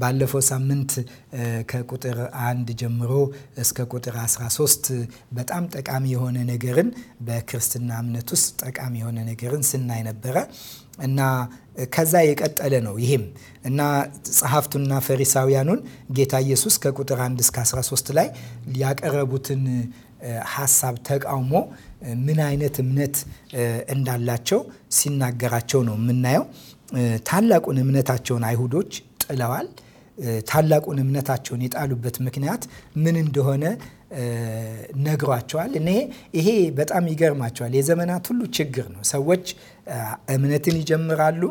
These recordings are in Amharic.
ባለፈው ሳምንት ከቁጥር አንድ ጀምሮ እስከ ቁጥር 13 በጣም ጠቃሚ የሆነ ነገርን በክርስትና እምነት ውስጥ ጠቃሚ የሆነ ነገርን ስናይ ነበረ እና ከዛ የቀጠለ ነው ይሄም እና ጸሐፍቱና ፈሪሳውያኑን ጌታ ኢየሱስ ከቁጥር 1 እስከ 13 ላይ ያቀረቡትን ሀሳብ ተቃውሞ ምን አይነት እምነት እንዳላቸው ሲናገራቸው ነው የምናየው። ታላቁን እምነታቸውን አይሁዶች ጥለዋል። ታላቁን እምነታቸውን የጣሉበት ምክንያት ምን እንደሆነ ነግሯቸዋል። እኔ ይሄ በጣም ይገርማቸዋል። የዘመናት ሁሉ ችግር ነው። ሰዎች እምነትን ይጀምራሉ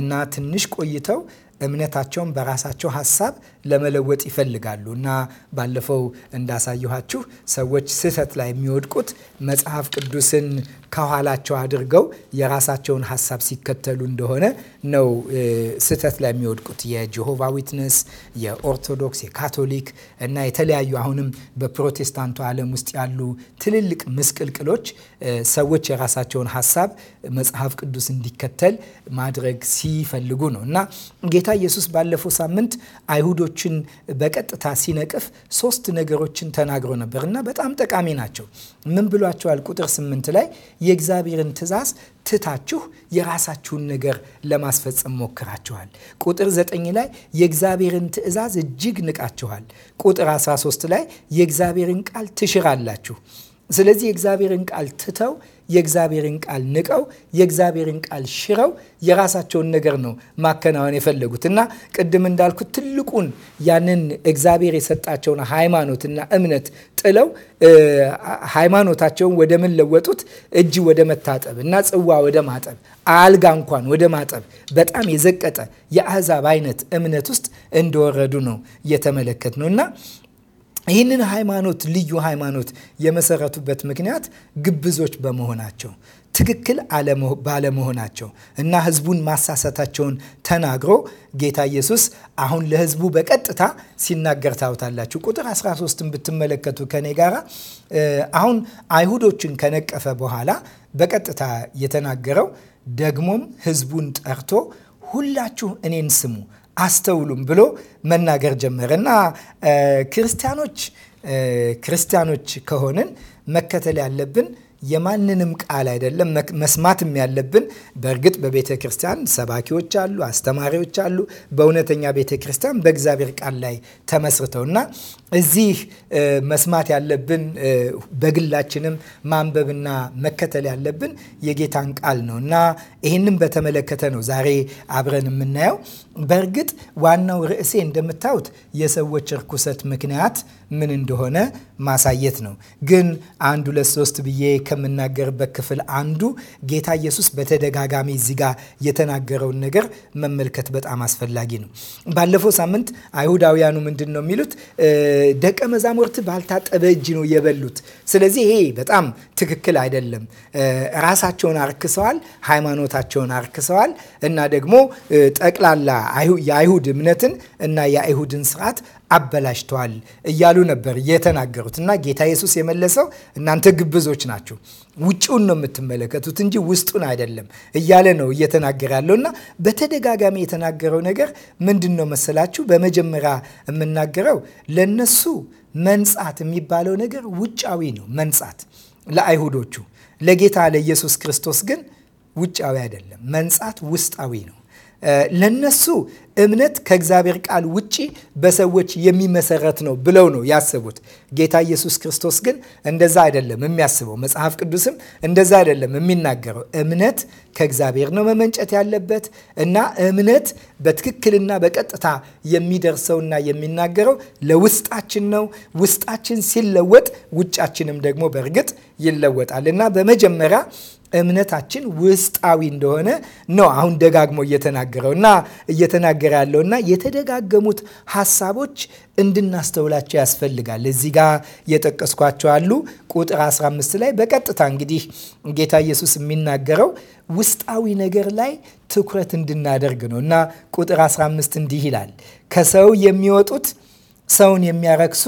እና ትንሽ ቆይተው እምነታቸውን በራሳቸው ሀሳብ ለመለወጥ ይፈልጋሉ እና ባለፈው እንዳሳየኋችሁ ሰዎች ስህተት ላይ የሚወድቁት መጽሐፍ ቅዱስን ከኋላቸው አድርገው የራሳቸውን ሀሳብ ሲከተሉ እንደሆነ ነው። ስህተት ላይ የሚወድቁት የጀሆቫ ዊትነስ፣ የኦርቶዶክስ፣ የካቶሊክ እና የተለያዩ አሁንም በፕሮቴስታንቱ ዓለም ውስጥ ያሉ ትልልቅ ምስቅልቅሎች ሰዎች የራሳቸውን ሀሳብ መጽሐፍ ቅዱስ እንዲከተል ማድረግ ሲፈልጉ ነው እና ጌታ ኢየሱስ ባለፈው ሳምንት አይሁዶችን በቀጥታ ሲነቅፍ ሶስት ነገሮችን ተናግሮ ነበር እና በጣም ጠቃሚ ናቸው። ምን ብሏቸዋል? ቁጥር ስምንት ላይ የእግዚአብሔርን ትእዛዝ ትታችሁ የራሳችሁን ነገር ለማስፈጸም ሞክራችኋል። ቁጥር ዘጠኝ ላይ የእግዚአብሔርን ትእዛዝ እጅግ ንቃችኋል። ቁጥር 13 ላይ የእግዚአብሔርን ቃል ትሽራላችሁ። ስለዚህ የእግዚአብሔርን ቃል ትተው የእግዚአብሔርን ቃል ንቀው የእግዚአብሔርን ቃል ሽረው የራሳቸውን ነገር ነው ማከናወን የፈለጉት እና ቅድም እንዳልኩት ትልቁን ያንን እግዚአብሔር የሰጣቸውን ሃይማኖትና እምነት ጥለው ሃይማኖታቸውን ወደ ምን ለወጡት? እጅ ወደ መታጠብ እና ጽዋ ወደ ማጠብ፣ አልጋ እንኳን ወደ ማጠብ በጣም የዘቀጠ የአህዛብ አይነት እምነት ውስጥ እንደወረዱ ነው እየተመለከት ነው እና ይህንን ሃይማኖት ልዩ ሃይማኖት የመሰረቱበት ምክንያት ግብዞች በመሆናቸው ትክክል ባለመሆናቸው እና ህዝቡን ማሳሳታቸውን ተናግሮ ጌታ ኢየሱስ አሁን ለህዝቡ በቀጥታ ሲናገር ታውታላችሁ። ቁጥር 13ን ብትመለከቱ ከኔ ጋራ አሁን አይሁዶችን ከነቀፈ በኋላ በቀጥታ የተናገረው ደግሞም ህዝቡን ጠርቶ ሁላችሁ እኔን ስሙ አስተውሉም ብሎ መናገር ጀመረ እና ክርስቲያኖች ክርስቲያኖች ከሆንን መከተል ያለብን የማንንም ቃል አይደለም መስማትም ያለብን። በእርግጥ በቤተ ክርስቲያን ሰባኪዎች አሉ፣ አስተማሪዎች አሉ፣ በእውነተኛ ቤተ ክርስቲያን በእግዚአብሔር ቃል ላይ ተመስርተው እና እዚህ መስማት ያለብን በግላችንም ማንበብና መከተል ያለብን የጌታን ቃል ነው እና ይህንም በተመለከተ ነው ዛሬ አብረን የምናየው። በእርግጥ ዋናው ርዕሴ እንደምታዩት የሰዎች እርኩሰት ምክንያት ምን እንደሆነ ማሳየት ነው። ግን አንድ ሁለት ሶስት ብዬ ከምናገርበት ክፍል አንዱ ጌታ ኢየሱስ በተደጋጋሚ እዚህ ጋር የተናገረውን ነገር መመልከት በጣም አስፈላጊ ነው። ባለፈው ሳምንት አይሁዳውያኑ ምንድን ነው የሚሉት? ደቀ መዛሙርት ባልታጠበ እጅ ነው የበሉት። ስለዚህ ይሄ በጣም ትክክል አይደለም። ራሳቸውን አርክሰዋል፣ ሃይማኖታቸውን አርክሰዋል እና ደግሞ ጠቅላላ የአይሁድ እምነትን እና የአይሁድን ስርዓት አበላሽተዋል እያሉ ነበር የተናገሩት። እና ጌታ ኢየሱስ የመለሰው እናንተ ግብዞች ናችሁ፣ ውጭውን ነው የምትመለከቱት እንጂ ውስጡን አይደለም እያለ ነው እየተናገረ ያለው። እና በተደጋጋሚ የተናገረው ነገር ምንድን ነው መሰላችሁ? በመጀመሪያ የምናገረው ለነሱ መንጻት የሚባለው ነገር ውጫዊ ነው። መንጻት ለአይሁዶቹ፣ ለጌታ ለኢየሱስ ክርስቶስ ግን ውጫዊ አይደለም። መንጻት ውስጣዊ ነው። ለነሱ እምነት ከእግዚአብሔር ቃል ውጪ በሰዎች የሚመሰረት ነው ብለው ነው ያሰቡት። ጌታ ኢየሱስ ክርስቶስ ግን እንደዛ አይደለም የሚያስበው። መጽሐፍ ቅዱስም እንደዛ አይደለም የሚናገረው። እምነት ከእግዚአብሔር ነው መመንጨት ያለበት እና እምነት በትክክልና በቀጥታ የሚደርሰውና የሚናገረው ለውስጣችን ነው። ውስጣችን ሲለወጥ ውጫችንም ደግሞ በእርግጥ ይለወጣል እና በመጀመሪያ እምነታችን ውስጣዊ እንደሆነ ነው አሁን ደጋግሞ እየተናገረው እና እየተናገረ ያለው እና የተደጋገሙት ሀሳቦች እንድናስተውላቸው ያስፈልጋል። እዚህ ጋ የጠቀስኳቸው አሉ። ቁጥር 15 ላይ በቀጥታ እንግዲህ ጌታ ኢየሱስ የሚናገረው ውስጣዊ ነገር ላይ ትኩረት እንድናደርግ ነው እና ቁጥር 15 እንዲህ ይላል፣ ከሰው የሚወጡት ሰውን የሚያረክሱ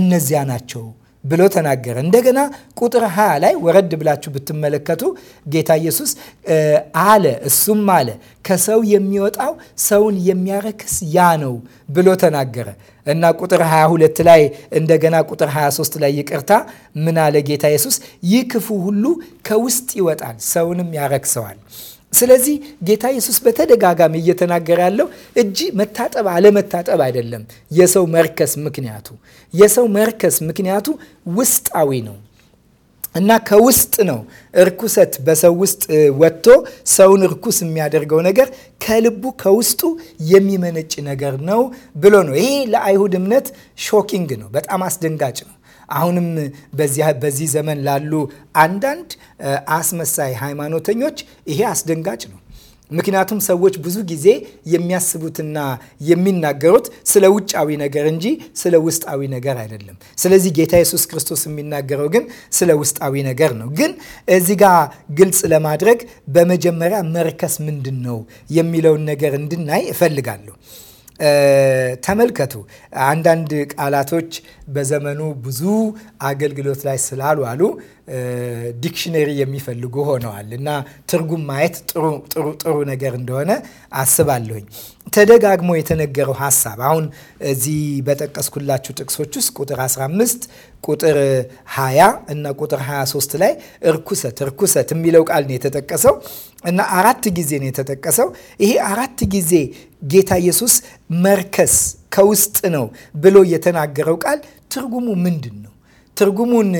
እነዚያ ናቸው ብሎ ተናገረ። እንደገና ቁጥር 20 ላይ ወረድ ብላችሁ ብትመለከቱ ጌታ ኢየሱስ አለ፣ እሱም አለ ከሰው የሚወጣው ሰውን የሚያረክስ ያ ነው ብሎ ተናገረ እና ቁጥር 22 ላይ እንደገና ቁጥር 23 ላይ ይቅርታ፣ ምን አለ ጌታ ኢየሱስ? ይህ ክፉ ሁሉ ከውስጥ ይወጣል፣ ሰውንም ያረክሰዋል። ስለዚህ ጌታ ኢየሱስ በተደጋጋሚ እየተናገረ ያለው እጅ መታጠብ አለመታጠብ አይደለም። የሰው መርከስ ምክንያቱ የሰው መርከስ ምክንያቱ ውስጣዊ ነው እና ከውስጥ ነው እርኩሰት በሰው ውስጥ ወጥቶ ሰውን እርኩስ የሚያደርገው ነገር ከልቡ ከውስጡ የሚመነጭ ነገር ነው ብሎ ነው። ይሄ ለአይሁድ እምነት ሾኪንግ ነው፣ በጣም አስደንጋጭ ነው። አሁንም በዚህ ዘመን ላሉ አንዳንድ አስመሳይ ሃይማኖተኞች ይሄ አስደንጋጭ ነው። ምክንያቱም ሰዎች ብዙ ጊዜ የሚያስቡትና የሚናገሩት ስለ ውጫዊ ነገር እንጂ ስለ ውስጣዊ ነገር አይደለም። ስለዚህ ጌታ ኢየሱስ ክርስቶስ የሚናገረው ግን ስለ ውስጣዊ ነገር ነው። ግን እዚህ ጋ ግልጽ ለማድረግ በመጀመሪያ መርከስ ምንድን ነው የሚለውን ነገር እንድናይ እፈልጋለሁ። ተመልከቱ አንዳንድ ቃላቶች በዘመኑ ብዙ አገልግሎት ላይ ስላሉ አሉ ዲክሽነሪ የሚፈልጉ ሆነዋል እና ትርጉም ማየት ጥሩ ነገር እንደሆነ አስባለሁኝ። ተደጋግሞ የተነገረው ሀሳብ አሁን እዚህ በጠቀስኩላችሁ ጥቅሶች ውስጥ ቁጥር 15 ቁጥር 20 እና ቁጥር 23 ላይ እርኩሰት እርኩሰት የሚለው ቃል ነው የተጠቀሰው እና አራት ጊዜ ነው የተጠቀሰው። ይሄ አራት ጊዜ ጌታ ኢየሱስ መርከስ ከውስጥ ነው ብሎ የተናገረው ቃል ትርጉሙ ምንድን ነው? ትርጉሙን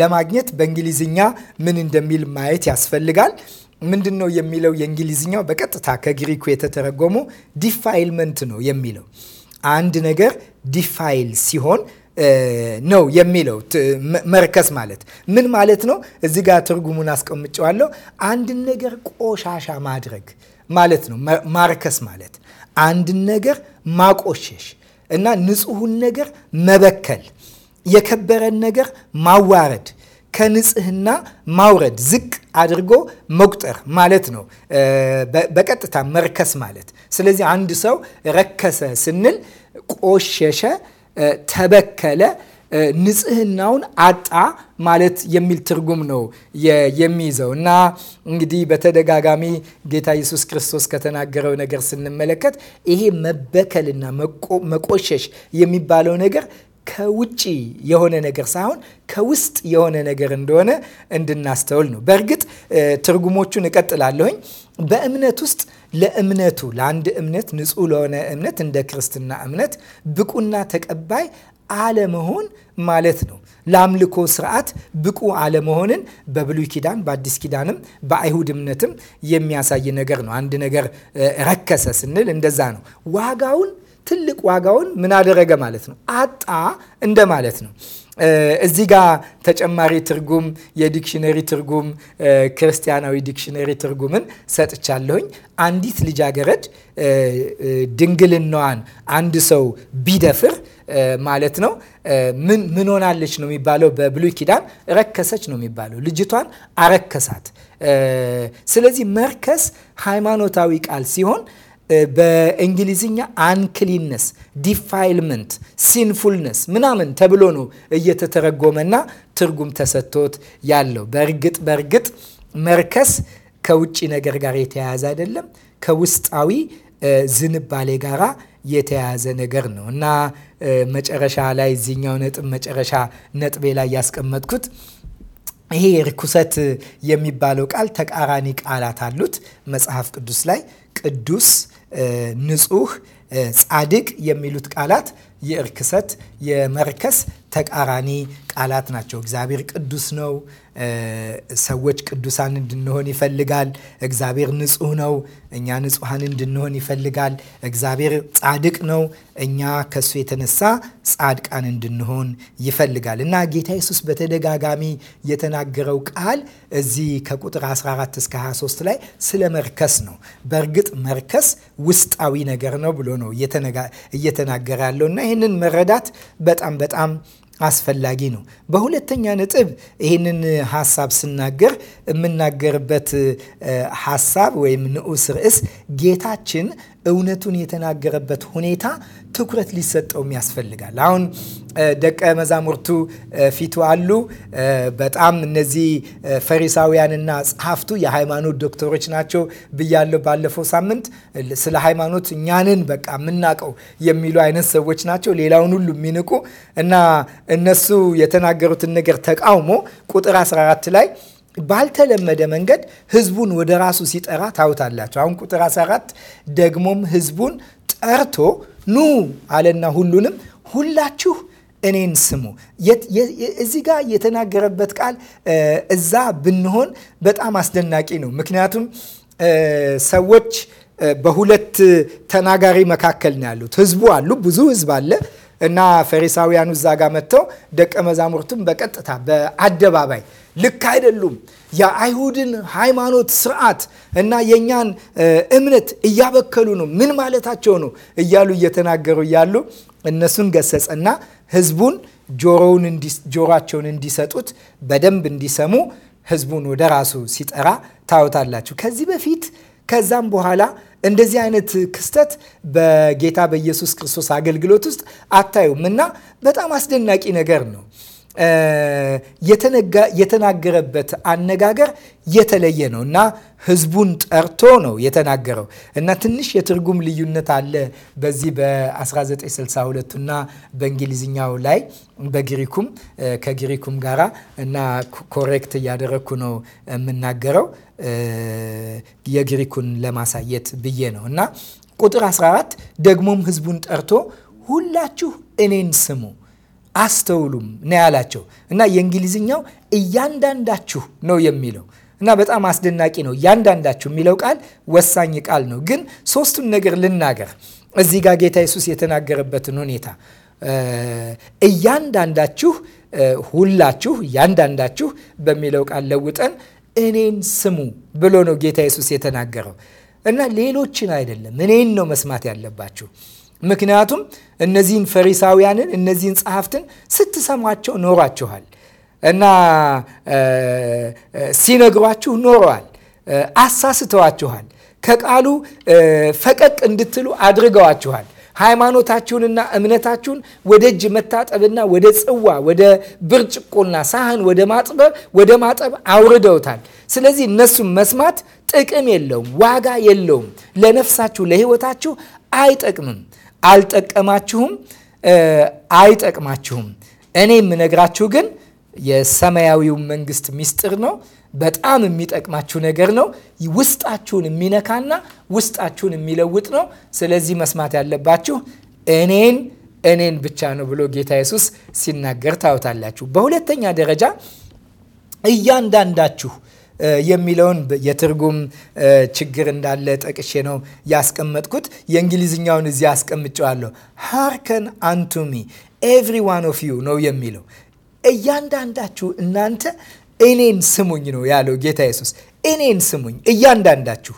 ለማግኘት በእንግሊዝኛ ምን እንደሚል ማየት ያስፈልጋል። ምንድን ነው የሚለው? የእንግሊዝኛው በቀጥታ ከግሪኩ የተተረጎመው ዲፋይልመንት ነው የሚለው አንድ ነገር ዲፋይል ሲሆን ነው የሚለው መርከስ ማለት ምን ማለት ነው? እዚ ጋር ትርጉሙን አስቀምጨዋለሁ። አንድን ነገር ቆሻሻ ማድረግ ማለት ነው ማርከስ ማለት አንድን ነገር ማቆሸሽ እና ንጹሑን ነገር መበከል፣ የከበረን ነገር ማዋረድ፣ ከንጽህና ማውረድ፣ ዝቅ አድርጎ መቁጠር ማለት ነው በቀጥታ መርከስ ማለት። ስለዚህ አንድ ሰው ረከሰ ስንል ቆሸሸ ተበከለ፣ ንጽህናውን አጣ ማለት የሚል ትርጉም ነው የሚይዘው እና እንግዲህ በተደጋጋሚ ጌታ ኢየሱስ ክርስቶስ ከተናገረው ነገር ስንመለከት ይሄ መበከልና መቆሸሽ የሚባለው ነገር ከውጭ የሆነ ነገር ሳይሆን ከውስጥ የሆነ ነገር እንደሆነ እንድናስተውል ነው። በእርግጥ ትርጉሞቹን እቀጥላለሁኝ። በእምነት ውስጥ ለእምነቱ ለአንድ እምነት ንጹህ ለሆነ እምነት እንደ ክርስትና እምነት ብቁና ተቀባይ አለመሆን ማለት ነው። ለአምልኮ ስርዓት ብቁ አለመሆንን በብሉይ ኪዳን በአዲስ ኪዳንም በአይሁድ እምነትም የሚያሳይ ነገር ነው። አንድ ነገር ረከሰ ስንል እንደዛ ነው። ዋጋውን ትልቅ ዋጋውን ምን አደረገ ማለት ነው፣ አጣ እንደ ማለት ነው። እዚህ ጋ ተጨማሪ ትርጉም የዲክሽነሪ ትርጉም ክርስቲያናዊ ዲክሽነሪ ትርጉምን ሰጥቻለሁኝ። አንዲት ልጃገረድ ድንግልናዋን አንድ ሰው ቢደፍር ማለት ነው ምን ምን ሆናለች ነው የሚባለው። በብሉይ ኪዳን ረከሰች ነው የሚባለው። ልጅቷን አረከሳት። ስለዚህ መርከስ ሃይማኖታዊ ቃል ሲሆን በእንግሊዝኛ አንክሊነስ ዲፋይልመንት ሲንፉልነስ ምናምን ተብሎ ነው እየተተረጎመና ትርጉም ተሰጥቶት ያለው። በእርግጥ በእርግጥ መርከስ ከውጭ ነገር ጋር የተያያዘ አይደለም፣ ከውስጣዊ ዝንባሌ ጋራ የተያያዘ ነገር ነው እና መጨረሻ ላይ እዚኛው ነጥብ መጨረሻ ነጥቤ ላይ ያስቀመጥኩት ይሄ ርኩሰት የሚባለው ቃል ተቃራኒ ቃላት አሉት መጽሐፍ ቅዱስ ላይ ቅዱስ ንጹህ፣ ጻድቅ የሚሉት ቃላት የእርክሰት የመርከስ ተቃራኒ ቃላት ናቸው። እግዚአብሔር ቅዱስ ነው ሰዎች ቅዱሳን እንድንሆን ይፈልጋል። እግዚአብሔር ንጹህ ነው፣ እኛ ንጹሐን እንድንሆን ይፈልጋል። እግዚአብሔር ጻድቅ ነው፣ እኛ ከሱ የተነሳ ጻድቃን እንድንሆን ይፈልጋል እና ጌታ ኢየሱስ በተደጋጋሚ የተናገረው ቃል እዚህ ከቁጥር 14 እስከ 23 ላይ ስለ መርከስ ነው። በእርግጥ መርከስ ውስጣዊ ነገር ነው ብሎ ነው እየተናገረ ያለው እና ይህንን መረዳት በጣም በጣም አስፈላጊ ነው። በሁለተኛ ነጥብ ይህንን ሀሳብ ስናገር የምናገርበት ሀሳብ ወይም ንዑስ ርዕስ ጌታችን እውነቱን የተናገረበት ሁኔታ ትኩረት ሊሰጠውም ያስፈልጋል። አሁን ደቀ መዛሙርቱ ፊቱ አሉ። በጣም እነዚህ ፈሪሳውያንና ጸሐፍቱ የሃይማኖት ዶክተሮች ናቸው ብያለሁ ባለፈው ሳምንት። ስለ ሃይማኖት እኛንን በቃ የምናቀው የሚሉ አይነት ሰዎች ናቸው፣ ሌላውን ሁሉ የሚንቁ እና እነሱ የተናገሩትን ነገር ተቃውሞ ቁጥር 14 ላይ ባልተለመደ መንገድ ህዝቡን ወደ ራሱ ሲጠራ ታውታላቸው። አሁን ቁጥር 14 ደግሞም ህዝቡን ጠርቶ ኑ አለና ሁሉንም ሁላችሁ እኔን ስሙ። እዚህ ጋር የተናገረበት ቃል እዛ ብንሆን በጣም አስደናቂ ነው። ምክንያቱም ሰዎች በሁለት ተናጋሪ መካከል ነው ያሉት። ህዝቡ አሉ፣ ብዙ ህዝብ አለ እና ፈሪሳውያኑ እዛ ጋር መጥተው ደቀ መዛሙርቱም በቀጥታ በአደባባይ ልክ አይደሉም። የአይሁድን ሃይማኖት ስርዓት እና የእኛን እምነት እያበከሉ ነው፣ ምን ማለታቸው ነው እያሉ እየተናገሩ እያሉ እነሱን ገሰጸና ህዝቡን ጆሮውን እንዲሰጡት በደንብ እንዲሰሙ ህዝቡን ወደ ራሱ ሲጠራ ታዩታላችሁ። ከዚህ በፊት ከዛም በኋላ እንደዚህ አይነት ክስተት በጌታ በኢየሱስ ክርስቶስ አገልግሎት ውስጥ አታዩም እና በጣም አስደናቂ ነገር ነው። የተናገረበት አነጋገር የተለየ ነው እና ህዝቡን ጠርቶ ነው የተናገረው እና ትንሽ የትርጉም ልዩነት አለ በዚህ በ1962 እና በእንግሊዝኛው ላይ በግሪኩም ከግሪኩም ጋራ እና ኮሬክት እያደረግኩ ነው የምናገረው የግሪኩን ለማሳየት ብዬ ነው እና ቁጥር 14 ደግሞም ህዝቡን ጠርቶ ሁላችሁ እኔን ስሙ አስተውሉም ነው ያላቸው እና የእንግሊዝኛው እያንዳንዳችሁ ነው የሚለው እና በጣም አስደናቂ ነው። እያንዳንዳችሁ የሚለው ቃል ወሳኝ ቃል ነው። ግን ሶስቱን ነገር ልናገር እዚህ ጋር ጌታ ኢየሱስ የተናገረበትን ሁኔታ እያንዳንዳችሁ፣ ሁላችሁ፣ እያንዳንዳችሁ በሚለው ቃል ለውጠን እኔን ስሙ ብሎ ነው ጌታ ኢየሱስ የተናገረው እና ሌሎችን አይደለም እኔን ነው መስማት ያለባችሁ ምክንያቱም እነዚህን ፈሪሳውያንን እነዚህን ጸሐፍትን ስትሰሟቸው ኖሯችኋል እና ሲነግሯችሁ ኖረዋል። አሳስተዋችኋል። ከቃሉ ፈቀቅ እንድትሉ አድርገዋችኋል። ሃይማኖታችሁንና እምነታችሁን ወደ እጅ መታጠብና ወደ ጽዋ፣ ወደ ብርጭቆና ሳህን ወደ ማጥበብ ወደ ማጠብ አውርደውታል። ስለዚህ እነሱን መስማት ጥቅም የለውም፣ ዋጋ የለውም። ለነፍሳችሁ ለህይወታችሁ ። አይጠቅምም፣ አልጠቀማችሁም፣ አይጠቅማችሁም። እኔ የምነግራችሁ ግን የሰማያዊው መንግስት ሚስጥር ነው። በጣም የሚጠቅማችሁ ነገር ነው። ውስጣችሁን የሚነካና ውስጣችሁን የሚለውጥ ነው። ስለዚህ መስማት ያለባችሁ እኔን እኔን ብቻ ነው ብሎ ጌታ ኢየሱስ ሲናገር ታወታላችሁ። በሁለተኛ ደረጃ እያንዳንዳችሁ የሚለውን የትርጉም ችግር እንዳለ ጠቅሼ ነው ያስቀመጥኩት። የእንግሊዝኛውን እዚህ አስቀምጨዋለሁ። ሃርከን አንቱሚ ኤቭሪ ዋን ኦፍ ዩ ነው የሚለው። እያንዳንዳችሁ እናንተ እኔን ስሙኝ ነው ያለው ጌታ ኢየሱስ። እኔን ስሙኝ እያንዳንዳችሁ።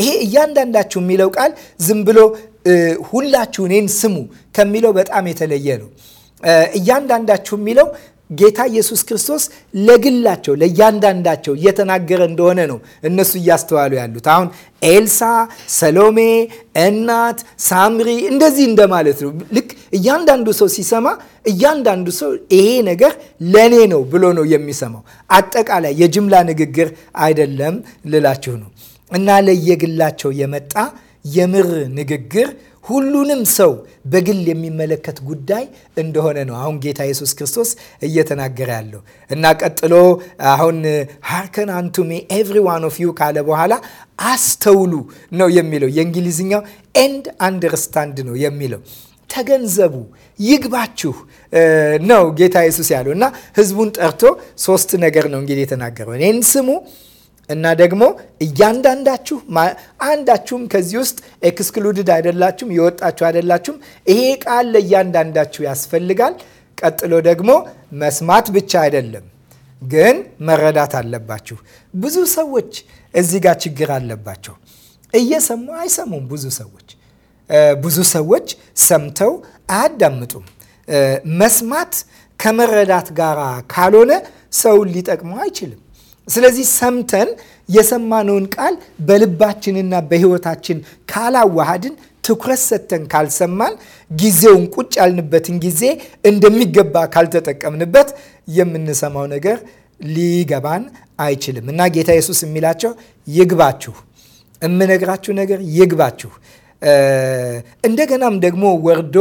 ይሄ እያንዳንዳችሁ የሚለው ቃል ዝም ብሎ ሁላችሁ እኔን ስሙ ከሚለው በጣም የተለየ ነው። እያንዳንዳችሁ የሚለው ጌታ ኢየሱስ ክርስቶስ ለግላቸው ለእያንዳንዳቸው እየተናገረ እንደሆነ ነው እነሱ እያስተዋሉ ያሉት። አሁን ኤልሳ፣ ሰሎሜ፣ እናት፣ ሳምሪ እንደዚህ እንደማለት ነው። ልክ እያንዳንዱ ሰው ሲሰማ እያንዳንዱ ሰው ይሄ ነገር ለእኔ ነው ብሎ ነው የሚሰማው። አጠቃላይ የጅምላ ንግግር አይደለም ልላችሁ ነው እና ለየግላቸው የመጣ የምር ንግግር ሁሉንም ሰው በግል የሚመለከት ጉዳይ እንደሆነ ነው አሁን ጌታ ኢየሱስ ክርስቶስ እየተናገረ ያለው እና ቀጥሎ አሁን ሃርከን አንቱሜ ኤቭሪ ዋን ኦፍ ዩ ካለ በኋላ አስተውሉ ነው የሚለው። የእንግሊዝኛው ኤንድ አንደርስታንድ ነው የሚለው ተገንዘቡ፣ ይግባችሁ ነው ጌታ ኢየሱስ ያለው እና ህዝቡን ጠርቶ ሶስት ነገር ነው እንግዲህ የተናገረው እኔን ስሙ እና ደግሞ እያንዳንዳችሁ አንዳችሁም ከዚህ ውስጥ ኤክስክሉድድ አይደላችሁም፣ የወጣችሁ አይደላችሁም። ይሄ ቃል ለእያንዳንዳችሁ ያስፈልጋል። ቀጥሎ ደግሞ መስማት ብቻ አይደለም፣ ግን መረዳት አለባችሁ። ብዙ ሰዎች እዚህ ጋር ችግር አለባቸው። እየሰሙ አይሰሙም። ብዙ ሰዎች ብዙ ሰዎች ሰምተው አያዳምጡም። መስማት ከመረዳት ጋር ካልሆነ ሰውን ሊጠቅመው አይችልም። ስለዚህ ሰምተን የሰማነውን ቃል በልባችንና በሕይወታችን ካላዋሃድን ትኩረት ሰጥተን ካልሰማን ጊዜውን ቁጭ ያልንበትን ጊዜ እንደሚገባ ካልተጠቀምንበት የምንሰማው ነገር ሊገባን አይችልም እና ጌታ ኢየሱስ የሚላቸው ይግባችሁ፣ የምነግራችሁ ነገር ይግባችሁ። እንደገናም ደግሞ ወርዶ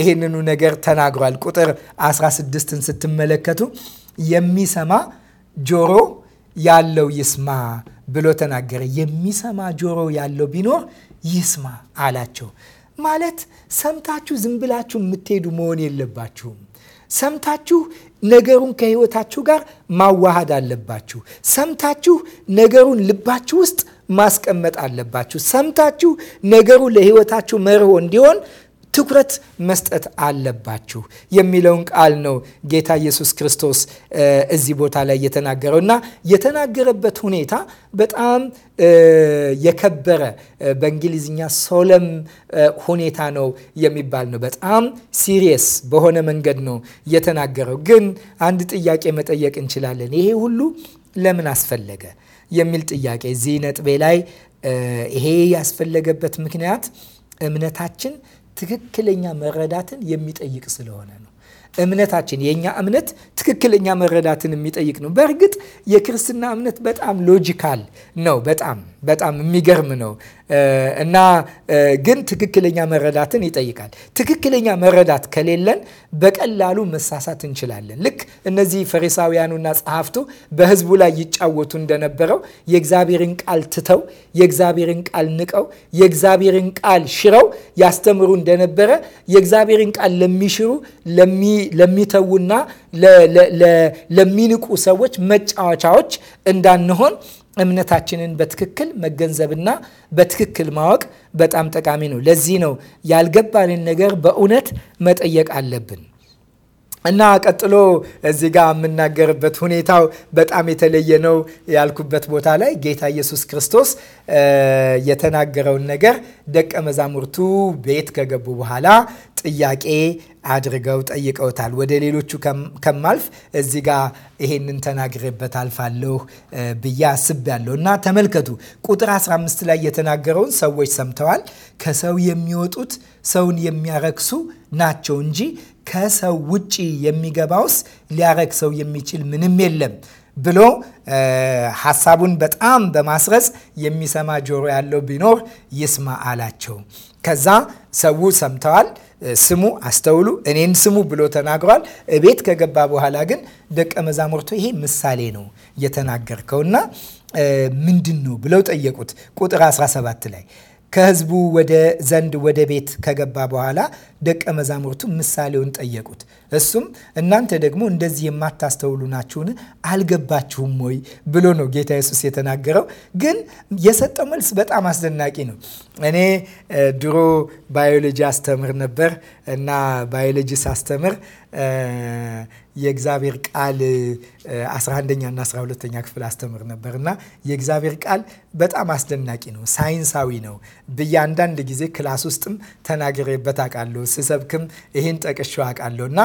ይሄንኑ ነገር ተናግሯል። ቁጥር 16ን ስትመለከቱ የሚሰማ ጆሮ ያለው ይስማ ብሎ ተናገረ። የሚሰማ ጆሮ ያለው ቢኖር ይስማ አላቸው። ማለት ሰምታችሁ ዝም ብላችሁ የምትሄዱ መሆን የለባችሁም። ሰምታችሁ ነገሩን ከህይወታችሁ ጋር ማዋሃድ አለባችሁ። ሰምታችሁ ነገሩን ልባችሁ ውስጥ ማስቀመጥ አለባችሁ። ሰምታችሁ ነገሩ ለህይወታችሁ መርሆ እንዲሆን ትኩረት መስጠት አለባችሁ የሚለውን ቃል ነው ጌታ ኢየሱስ ክርስቶስ እዚህ ቦታ ላይ የተናገረው እና የተናገረበት ሁኔታ በጣም የከበረ በእንግሊዝኛ ሶለም ሁኔታ ነው የሚባል ነው። በጣም ሲሪየስ በሆነ መንገድ ነው የተናገረው። ግን አንድ ጥያቄ መጠየቅ እንችላለን። ይሄ ሁሉ ለምን አስፈለገ የሚል ጥያቄ እዚህ ነጥቤ ላይ ይሄ ያስፈለገበት ምክንያት እምነታችን ትክክለኛ መረዳትን የሚጠይቅ ስለሆነ ነው። እምነታችን የእኛ እምነት ትክክለኛ መረዳትን የሚጠይቅ ነው። በእርግጥ የክርስትና እምነት በጣም ሎጂካል ነው። በጣም በጣም የሚገርም ነው እና ግን ትክክለኛ መረዳትን ይጠይቃል። ትክክለኛ መረዳት ከሌለን በቀላሉ መሳሳት እንችላለን። ልክ እነዚህ ፈሪሳውያኑና ጸሐፍቱ በሕዝቡ ላይ ይጫወቱ እንደነበረው የእግዚአብሔርን ቃል ትተው የእግዚአብሔርን ቃል ንቀው የእግዚአብሔርን ቃል ሽረው ያስተምሩ እንደነበረ የእግዚአብሔርን ቃል ለሚሽሩ ለሚተዉና ለሚንቁ ሰዎች መጫወቻዎች እንዳንሆን እምነታችንን በትክክል መገንዘብና በትክክል ማወቅ በጣም ጠቃሚ ነው። ለዚህ ነው ያልገባንን ነገር በእውነት መጠየቅ አለብን። እና ቀጥሎ እዚህ ጋር የምናገርበት ሁኔታው በጣም የተለየ ነው ያልኩበት ቦታ ላይ ጌታ ኢየሱስ ክርስቶስ የተናገረውን ነገር ደቀ መዛሙርቱ ቤት ከገቡ በኋላ ጥያቄ አድርገው ጠይቀውታል። ወደ ሌሎቹ ከማልፍ እዚህ ጋ ይሄንን ተናግሬበት አልፋለሁ ብዬ ያለው እና ተመልከቱ ቁጥር 15 ላይ የተናገረውን ሰዎች ሰምተዋል። ከሰው የሚወጡት ሰውን የሚያረክሱ ናቸው እንጂ ከሰው ውጪ የሚገባውስ ሰው የሚችል ምንም የለም ብሎ ሀሳቡን በጣም በማስረጽ የሚሰማ ጆሮ ያለው ቢኖር ይስማ አላቸው። ከዛ ሰው ሰምተዋል። ስሙ፣ አስተውሉ፣ እኔን ስሙ ብሎ ተናግሯል። እቤት ከገባ በኋላ ግን ደቀ መዛሙርቱ ይሄ ምሳሌ ነው የተናገርከውና ምንድን ነው ብለው ጠየቁት። ቁጥር 17 ላይ ከህዝቡ ወደ ዘንድ ወደ ቤት ከገባ በኋላ ደቀ መዛሙርቱ ምሳሌውን ጠየቁት። እሱም እናንተ ደግሞ እንደዚህ የማታስተውሉ ናችሁን? አልገባችሁም ወይ ብሎ ነው ጌታ የሱስ የተናገረው። ግን የሰጠው መልስ በጣም አስደናቂ ነው። እኔ ድሮ ባዮሎጂ አስተምር ነበር እና ባዮሎጂ ሳስተምር የእግዚአብሔር ቃል 11ኛ እና 12ኛ ክፍል አስተምር ነበር እና የእግዚአብሔር ቃል በጣም አስደናቂ ነው፣ ሳይንሳዊ ነው ብዬ አንዳንድ ጊዜ ክላስ ውስጥም ተናግሬበት አውቃለሁ። ስሰብክም ይህን ጠቅሼው አውቃለሁ እና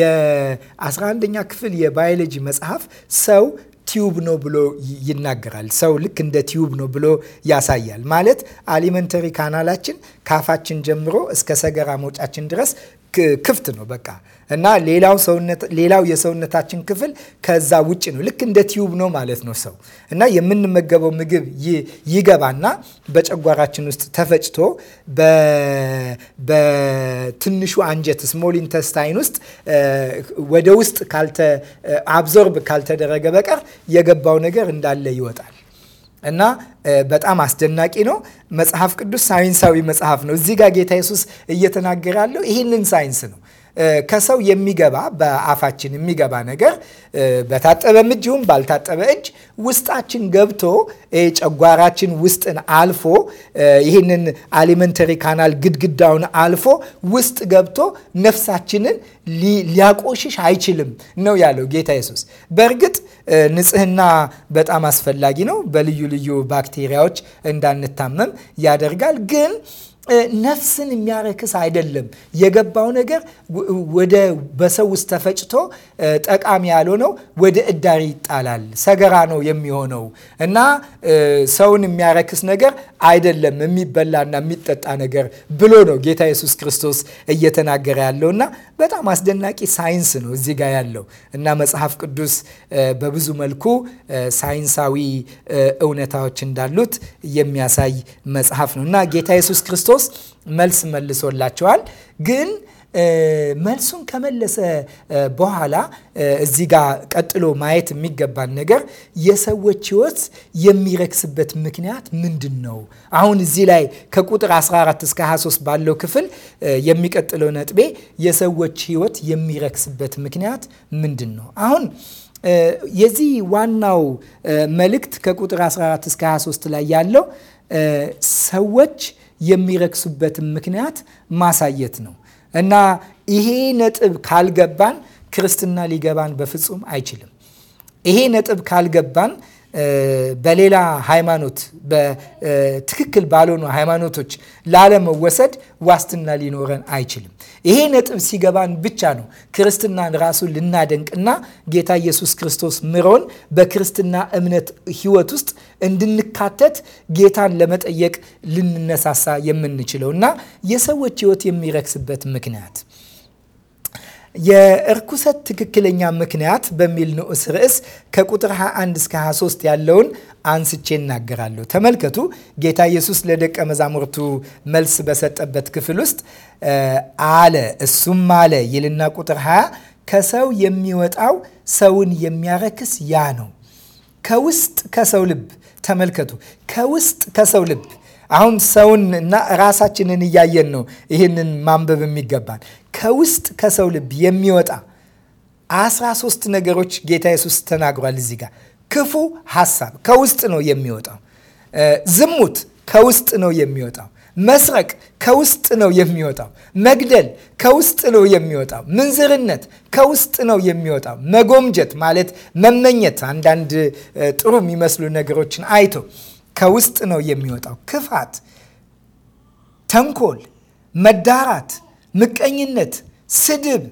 የ11ኛ ክፍል የባዮሎጂ መጽሐፍ ሰው ቲዩብ ነው ብሎ ይናገራል። ሰው ልክ እንደ ቲዩብ ነው ብሎ ያሳያል። ማለት አሊመንተሪ ካናላችን ካፋችን ጀምሮ እስከ ሰገራ መውጫችን ድረስ ክፍት ነው በቃ እና ሌላው ሰውነት ሌላው የሰውነታችን ክፍል ከዛ ውጭ ነው። ልክ እንደ ቲዩብ ነው ማለት ነው ሰው እና የምንመገበው ምግብ ይገባና በጨጓራችን ውስጥ ተፈጭቶ በትንሹ አንጀት ስሞል ኢንተስታይን ውስጥ ወደ ውስጥ አብዞርብ ካልተደረገ በቀር የገባው ነገር እንዳለ ይወጣል። እና በጣም አስደናቂ ነው። መጽሐፍ ቅዱስ ሳይንሳዊ መጽሐፍ ነው። እዚህ ጋር ጌታ ኢየሱስ እየተናገረ ያለው ይህንን ሳይንስ ነው። ከሰው የሚገባ በአፋችን የሚገባ ነገር በታጠበም እጅ ይሁን ባልታጠበ እጅ ውስጣችን ገብቶ ጨጓራችን ውስጥን አልፎ ይህንን አሊመንተሪ ካናል ግድግዳውን አልፎ ውስጥ ገብቶ ነፍሳችንን ሊያቆሽሽ አይችልም ነው ያለው ጌታ ኢየሱስ በእርግጥ ንጽህና በጣም አስፈላጊ ነው። በልዩ ልዩ ባክቴሪያዎች እንዳንታመም ያደርጋል ግን ነፍስን የሚያረክስ አይደለም። የገባው ነገር ወደ በሰው ውስጥ ተፈጭቶ ጠቃሚ ያልሆነው ወደ እዳሪ ይጣላል፣ ሰገራ ነው የሚሆነው እና ሰውን የሚያረክስ ነገር አይደለም የሚበላና የሚጠጣ ነገር ብሎ ነው ጌታ ኢየሱስ ክርስቶስ እየተናገረ ያለው እና በጣም አስደናቂ ሳይንስ ነው እዚህ ጋር ያለው እና መጽሐፍ ቅዱስ በብዙ መልኩ ሳይንሳዊ እውነታዎች እንዳሉት የሚያሳይ መጽሐፍ ነው እና ጌታ ኢየሱስ ክርስቶስ ክርስቶስ መልስ መልሶላቸዋል። ግን መልሱን ከመለሰ በኋላ እዚህ ጋር ቀጥሎ ማየት የሚገባን ነገር የሰዎች ሕይወት የሚረክስበት ምክንያት ምንድን ነው? አሁን እዚህ ላይ ከቁጥር 14 እስከ 23 ባለው ክፍል የሚቀጥለው ነጥቤ የሰዎች ሕይወት የሚረክስበት ምክንያት ምንድን ነው? አሁን የዚህ ዋናው መልእክት ከቁጥር 14 እስከ 23 ላይ ያለው ሰዎች የሚረክሱበትን ምክንያት ማሳየት ነው እና ይሄ ነጥብ ካልገባን ክርስትና ሊገባን በፍጹም አይችልም። ይሄ ነጥብ ካልገባን በሌላ ሃይማኖት በትክክል ባልሆኑ ሃይማኖቶች ላለመወሰድ ዋስትና ሊኖረን አይችልም። ይሄ ነጥብ ሲገባን ብቻ ነው ክርስትናን ራሱ ልናደንቅና ጌታ ኢየሱስ ክርስቶስ ምሮን በክርስትና እምነት ህይወት ውስጥ እንድንካተት ጌታን ለመጠየቅ ልንነሳሳ የምንችለው እና የሰዎች ህይወት የሚረክስበት ምክንያት የእርኩሰት ትክክለኛ ምክንያት በሚል ንዑስ ርዕስ ከቁጥር 21 እስከ 23 ያለውን አንስቼ እናገራለሁ። ተመልከቱ። ጌታ ኢየሱስ ለደቀ መዛሙርቱ መልስ በሰጠበት ክፍል ውስጥ አለ፣ እሱም አለ ይልና ቁጥር 20 ከሰው የሚወጣው ሰውን የሚያረክስ ያ ነው። ከውስጥ ከሰው ልብ ተመልከቱ፣ ከውስጥ ከሰው ልብ አሁን ሰውን እና ራሳችንን እያየን ነው ይህንን ማንበብ የሚገባን። ከውስጥ ከሰው ልብ የሚወጣ አስራ ሶስት ነገሮች ጌታ የሱስ ተናግሯል። እዚህ ጋር ክፉ ሀሳብ ከውስጥ ነው የሚወጣው። ዝሙት ከውስጥ ነው የሚወጣው። መስረቅ ከውስጥ ነው የሚወጣው። መግደል ከውስጥ ነው የሚወጣው። ምንዝርነት ከውስጥ ነው የሚወጣው። መጎምጀት ማለት መመኘት፣ አንዳንድ ጥሩ የሚመስሉ ነገሮችን አይቶ ከውስጥ ነው የሚወጣው። ክፋት፣ ተንኮል፣ መዳራት፣ ምቀኝነት፣ ስድብ፣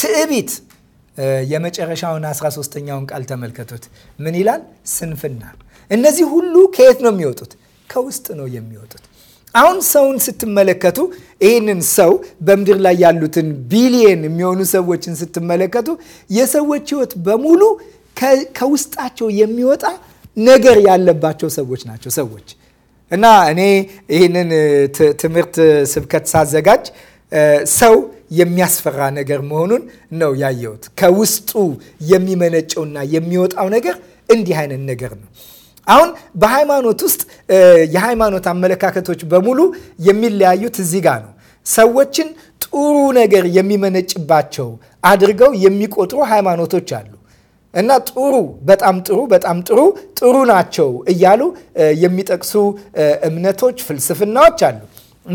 ትዕቢት። የመጨረሻውን 13ኛውን ቃል ተመልከቱት። ምን ይላል? ስንፍና። እነዚህ ሁሉ ከየት ነው የሚወጡት? ከውስጥ ነው የሚወጡት። አሁን ሰውን ስትመለከቱ ይህንን ሰው በምድር ላይ ያሉትን ቢሊየን የሚሆኑ ሰዎችን ስትመለከቱ የሰዎች ህይወት በሙሉ ከውስጣቸው የሚወጣ ነገር ያለባቸው ሰዎች ናቸው ሰዎች እና እኔ ይህንን ትምህርት ስብከት ሳዘጋጅ ሰው የሚያስፈራ ነገር መሆኑን ነው ያየሁት። ከውስጡ የሚመነጨውና የሚወጣው ነገር እንዲህ አይነት ነገር ነው። አሁን በሃይማኖት ውስጥ የሃይማኖት አመለካከቶች በሙሉ የሚለያዩት እዚህ ጋር ነው። ሰዎችን ጥሩ ነገር የሚመነጭባቸው አድርገው የሚቆጥሩ ሃይማኖቶች አሉ። እና ጥሩ በጣም ጥሩ በጣም ጥሩ ጥሩ ናቸው እያሉ የሚጠቅሱ እምነቶች፣ ፍልስፍናዎች አሉ።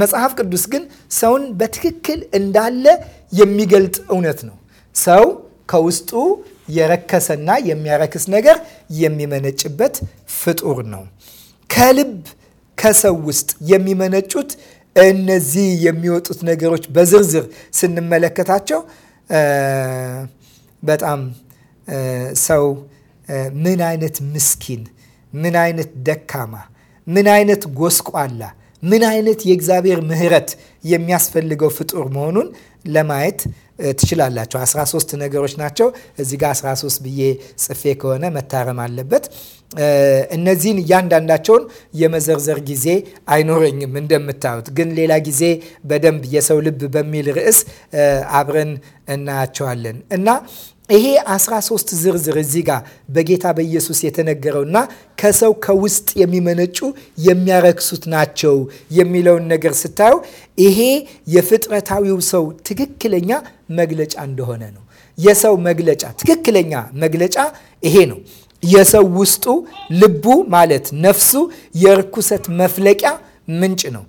መጽሐፍ ቅዱስ ግን ሰውን በትክክል እንዳለ የሚገልጥ እውነት ነው። ሰው ከውስጡ የረከሰና የሚያረክስ ነገር የሚመነጭበት ፍጡር ነው። ከልብ ከሰው ውስጥ የሚመነጩት እነዚህ የሚወጡት ነገሮች በዝርዝር ስንመለከታቸው በጣም ሰው ምን አይነት ምስኪን፣ ምን አይነት ደካማ፣ ምን አይነት ጎስቋላ፣ ምን አይነት የእግዚአብሔር ምሕረት የሚያስፈልገው ፍጡር መሆኑን ለማየት ትችላላቸው። 13 ነገሮች ናቸው። እዚህ ጋር 13 ብዬ ጽፌ ከሆነ መታረም አለበት። እነዚህን እያንዳንዳቸውን የመዘርዘር ጊዜ አይኖረኝም። እንደምታዩት ግን ሌላ ጊዜ በደንብ የሰው ልብ በሚል ርዕስ አብረን እናያቸዋለን እና ይሄ 13 ዝርዝር እዚህ ጋር በጌታ በኢየሱስ እና ከሰው ከውስጥ የሚመነጩ የሚያረክሱት ናቸው የሚለውን ነገር ስታየው ይሄ የፍጥረታዊው ሰው ትክክለኛ መግለጫ እንደሆነ ነው። የሰው መግለጫ ትክክለኛ መግለጫ ይሄ ነው። የሰው ውስጡ ልቡ ማለት ነፍሱ የርኩሰት መፍለቂያ ምንጭ ነው።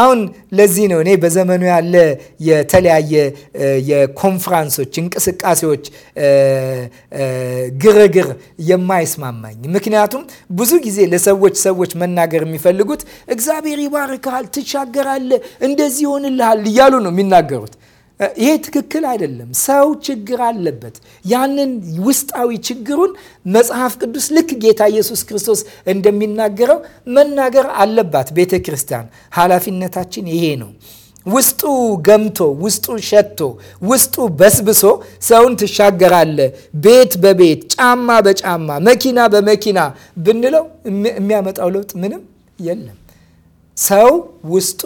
አሁን ለዚህ ነው እኔ በዘመኑ ያለ የተለያየ የኮንፍራንሶች እንቅስቃሴዎች ግርግር የማይስማማኝ። ምክንያቱም ብዙ ጊዜ ለሰዎች ሰዎች መናገር የሚፈልጉት እግዚአብሔር ይባርክሃል፣ ትሻገራለህ፣ እንደዚህ ይሆንልሃል እያሉ ነው የሚናገሩት። ይሄ ትክክል አይደለም። ሰው ችግር አለበት። ያንን ውስጣዊ ችግሩን መጽሐፍ ቅዱስ ልክ ጌታ ኢየሱስ ክርስቶስ እንደሚናገረው መናገር አለባት ቤተ ክርስቲያን። ኃላፊነታችን ይሄ ነው። ውስጡ ገምቶ፣ ውስጡ ሸቶ፣ ውስጡ በስብሶ ሰውን ትሻገራለ ቤት በቤት ጫማ በጫማ መኪና በመኪና ብንለው የሚያመጣው ለውጥ ምንም የለም። ሰው ውስጡ